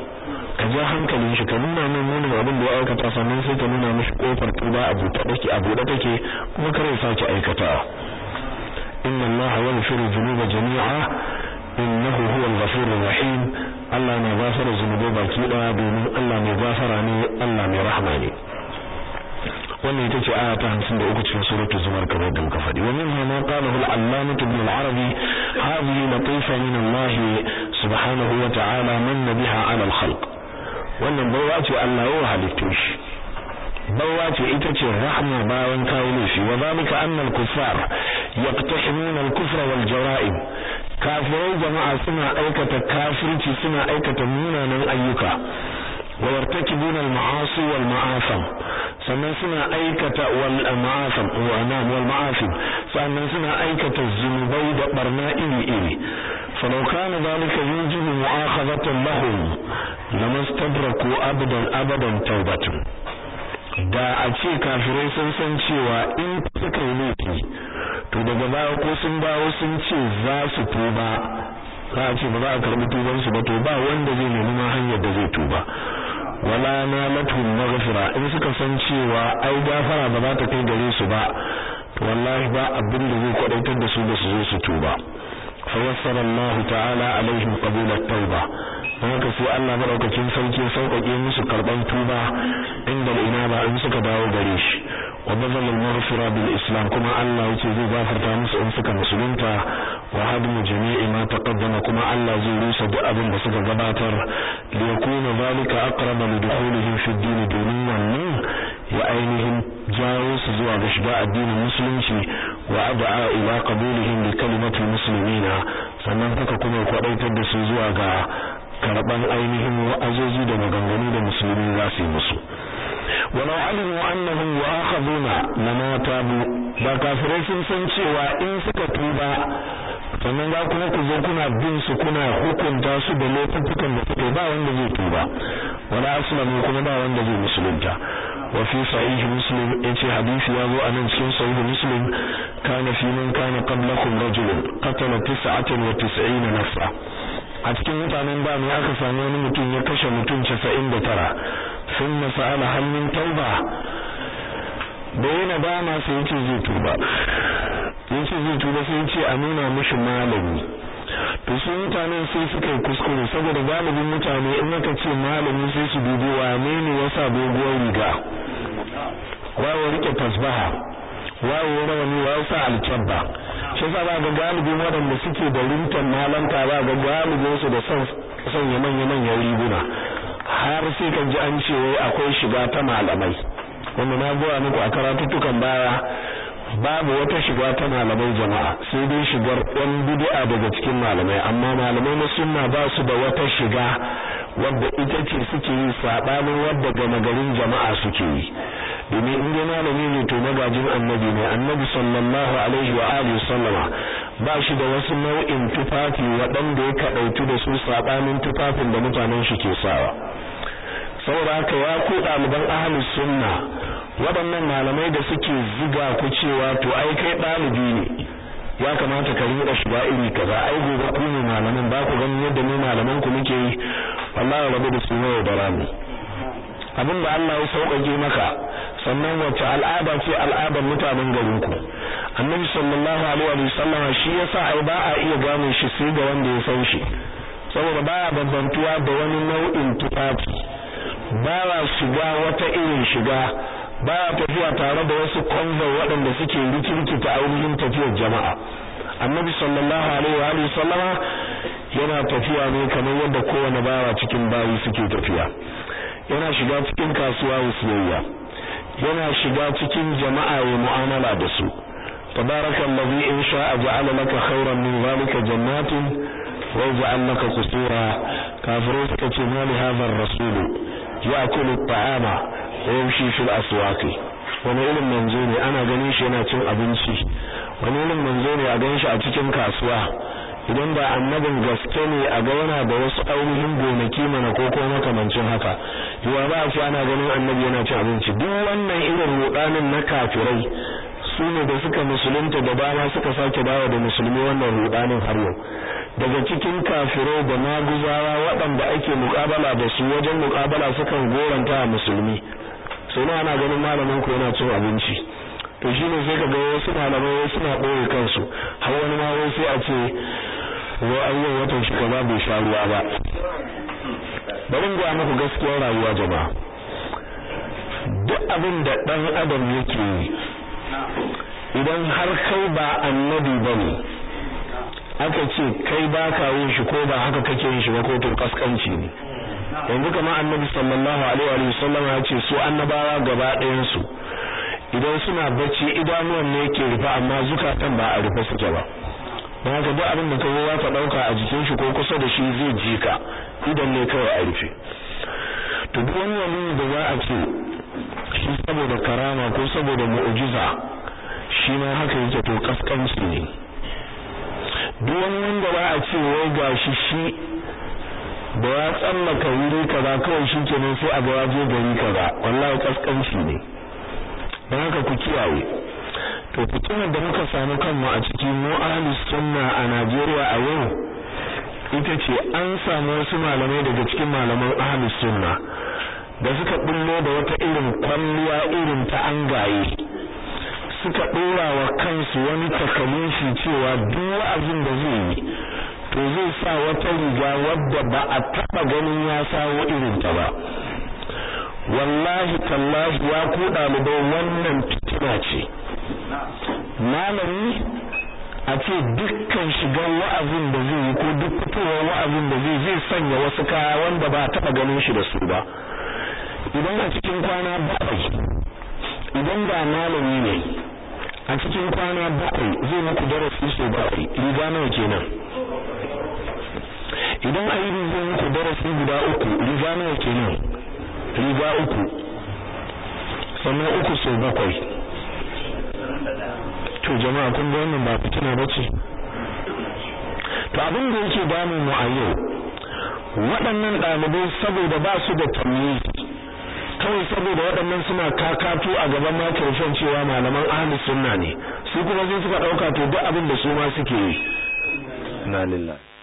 ka ja hankalin shi ka nuna min munin abin da ya aikata sannan sai ka nuna mishi kofar tuba a buɗe take a buɗe take kuma kar ya sake aikatawa inna allaha yaghfiru dhunuba jami'a innahu huwal ghafurur rahim Allah mai gafara zunubai baki daya domin Allah mai gafara ne Allah mai rahama ne wannan ita ce aya ta uku cikin suratul zumar kamar da muka faɗi wa hana ma qalahu al-allamah ibn arabi hadhihi latifa min subhanahu wa ta'ala manna biha 'ala al-khalq wannan baiwa ce Allah ya halitta shi baiwa ce ita ce rahma bayan kawo laifi wa zalika anna al-kuffar yaqtahimuna al-kufra wal jara'im kafirai jama'a suna aikata kafirci suna aikata munanan ayyuka wa yartakibuna al-ma'asi wal ma'asam sannan suna aikata wal ma'asam wa anam wal ma'asim sannan suna aikata zunubai da barna iri iri فلو كان ذلك يوجب مؤاخذة لهم لما استدركوا أبدا أبدا توبة da a ce kafirai sun san cewa in suka yi laifi to daga baya ko sun dawo sun ce za su tuba za a ce ba za a karbi tuban su ba to ba wanda zai nemi ma hanyar da zai tuba wala na latum maghfira in suka san cewa ai gafara ba za ta kai gare su ba to wallahi ba abin da zai kwadaitar da su da su zo su tuba فوصل الله تعالى عليهم قبول ba haka sai Allah madaukakin sarki sauƙaƙe musu karɓan tuba inda ina ba in suka dawo gare shi wa bazal al bil islam kuma Allah yace zai gafarta musu in suka musulunta wa hadmu jami'i ma taqaddama kuma Allah zai rusa duk abin da suka gabatar li yakuna zalika aqrab li domin wannan ya ainihin jawo su zuwa ga shiga addinin musulunci sannan haka kuma da su ga karban ainihin wa'azozi da maganganu da musulmi za su yi musu walau alimu annahum yu'akhaduna lama tabu ba kafirai sun san cewa in suka tuba sannan za kuma ku zo kuna bin su kuna hukunta su da laifukan da suke ba wanda zai tuba wani aslamu kuma ba wanda zai musulunta wa fi sahih muslim yace hadisi ya zo anan cikin sahih muslim kana fi man kana qablakum rajulun qatala 99 nafsa a cikin mutanen da ne aka sami wani mutum ya kashe mutum 99 sun ala hannun tauba da yi nadama sai ce zai tuba ce zai tuba sai ce a nuna mashi malami to su mutanen sai suka yi kuskure saboda galibin mutane in aka ce malami sai su dubi wa ne ya sa doguwar riga wawo rike tasbaha wawo rawani wasa sa alkyabba shi za ga galibin waɗanda suke da rintan malanta za ga galibin su da son sanya manya manya riguna har sai kan ji an ce akwai shiga ta malamai wanda na zuwa muku a karatuttukan baya babu wata shiga ta malamai jama'a sai dai shigar ɗan bid'a daga cikin malamai amma malamai na sunna ba su da wata shiga wadda ita ce suke yi saɓanin wadda gama garin jama'a suke yi domin in malami ne to magajin annabi ne annabi sallallahu alaihi wa alihi sallama ba shi da wasu nau'in tufafi waɗanda ya kaɗautu da su saɓanin tufafin da mutanen shi ke sawa saboda haka ya ku ɗaliban ahli sunna waɗannan malamai da suke ziga ku cewa to ai kai ɗalibi ne ya kamata ka rinka shiga iri kaza ai gobe ku ne malaman ba ku ganin yadda mu malaman ku muke yi wallahi rabu da su ne da rami abin da Allah ya sauƙaƙe maka sannan wace al'ada ce al'adar mutanen garin ku annabi sallallahu alaihi wa sallam shi yasa ai ba a iya gane shi sai ga wanda ya san shi saboda baya bambantuwa da wani nau'in tufafi baya shiga wata irin shiga baya tafiya tare da wasu kwanzar waɗanda suke rikirkita ainihin tafiyar jama'a annabi sallallahu alaihi wa sallam yana tafiya ne kamar yadda kowane bawa cikin bayi suke tafiya yana shiga cikin kasuwa siyayya yana shiga cikin jama'a ya mu'amala da su tabarakallazi in sha'a ja'ala laka khairan min zalika jannatin wa ja'al laka qusura kafirai suka ce ma li hadha ar-rasul ya'kulu at-ta'ama wa yamshi fil aswaq wani irin manzo ne ana ganin shi yana cin abinci wani irin manzo ne a ganin shi a cikin kasuwa idan da annabin gaske ne a ga yana da wasu ainihin gonaki mana ko ko makamancin haka yawa ba a ce ana ganin annabi yana cin abinci duk wannan irin rudanin na kafirai su ne da suka musulunta da dama suka sake dawo da musulmi wannan rudanin har yau daga cikin kafirai da maguzawa waɗanda ake muk'abala da su wajen muk'abala sukan goranta a musulmi sai na ana ganin malamin ku yana cin abinci to shi ne sai ka wasu malamai suna ɓoye kansu har wani ma wai sai a ce wai an yi watan shi kaza bai sha ruwa ba bari gwa muku gaskiyar rayuwa jama'a duk abin da ɗan adam yake yi idan har kai ba annabi ba ne aka ce kai ba ka yin shi ko ba haka kake yin shi ba ko to kaskanci ne yanzu kamar annabi sallallahu alaihi wa sallama ya ce su annabawa gaba ɗayan su idan suna bacci idanuwan ne yake rufe amma zukatan ba a rufe suke ba don haka duk abin da kawo ya ka ɗauka a jikin shi ko kusa da shi zai ji ka idan ne kawai a rufe to duk wani wani da za a ce shi saboda karama ko saboda mu'ujiza shi ma haka yake to kaskanci ne duk wani wanda ba a ce wai gashi shi da ya tsallaka wuri kaza kawai shi kenan sai a ga waje gari kaza wallahi kaskanci ne don haka ku kiyaye to fitinar da muka samu kanmu a cikin mu ahli sunna a Najeriya a yau ita ce an samu wasu malamai daga cikin malaman ahli sunna da suka bullo da wata irin kwalliya irin ta angaye suka dora wa kansu wani takalifi cewa duk wa'azin da zai yi to zai sa wata riga wadda ba a taba ganin ya sawo irin ta ba wallahi tallahi ya ku mu wannan fitina ce malami a ce dukkan shigar wa'azin da zai yi ko duk fitowar wa'azin da zai zai sanya wasu kaya wanda ba taɓa ganin shi da su ba idan a cikin kwana bakwai idan ba malami ne a cikin kwana bakwai zai muku darasi sau bakwai riga nawa kenan idan a yi rigar muku darasi guda uku riga nawa kenan riba uku sannan uku sau bakwai to jama'a kun ga wannan ba fitina ba ce to abin da yake damu mu a yau waɗannan ɗalibai saboda ba su da tamyiz kawai saboda waɗannan suna kakatu a gaban makarfin cewa malaman ahli sunna ne su kuma sai suka ɗauka to duk abin da su ma suke yi na lillahi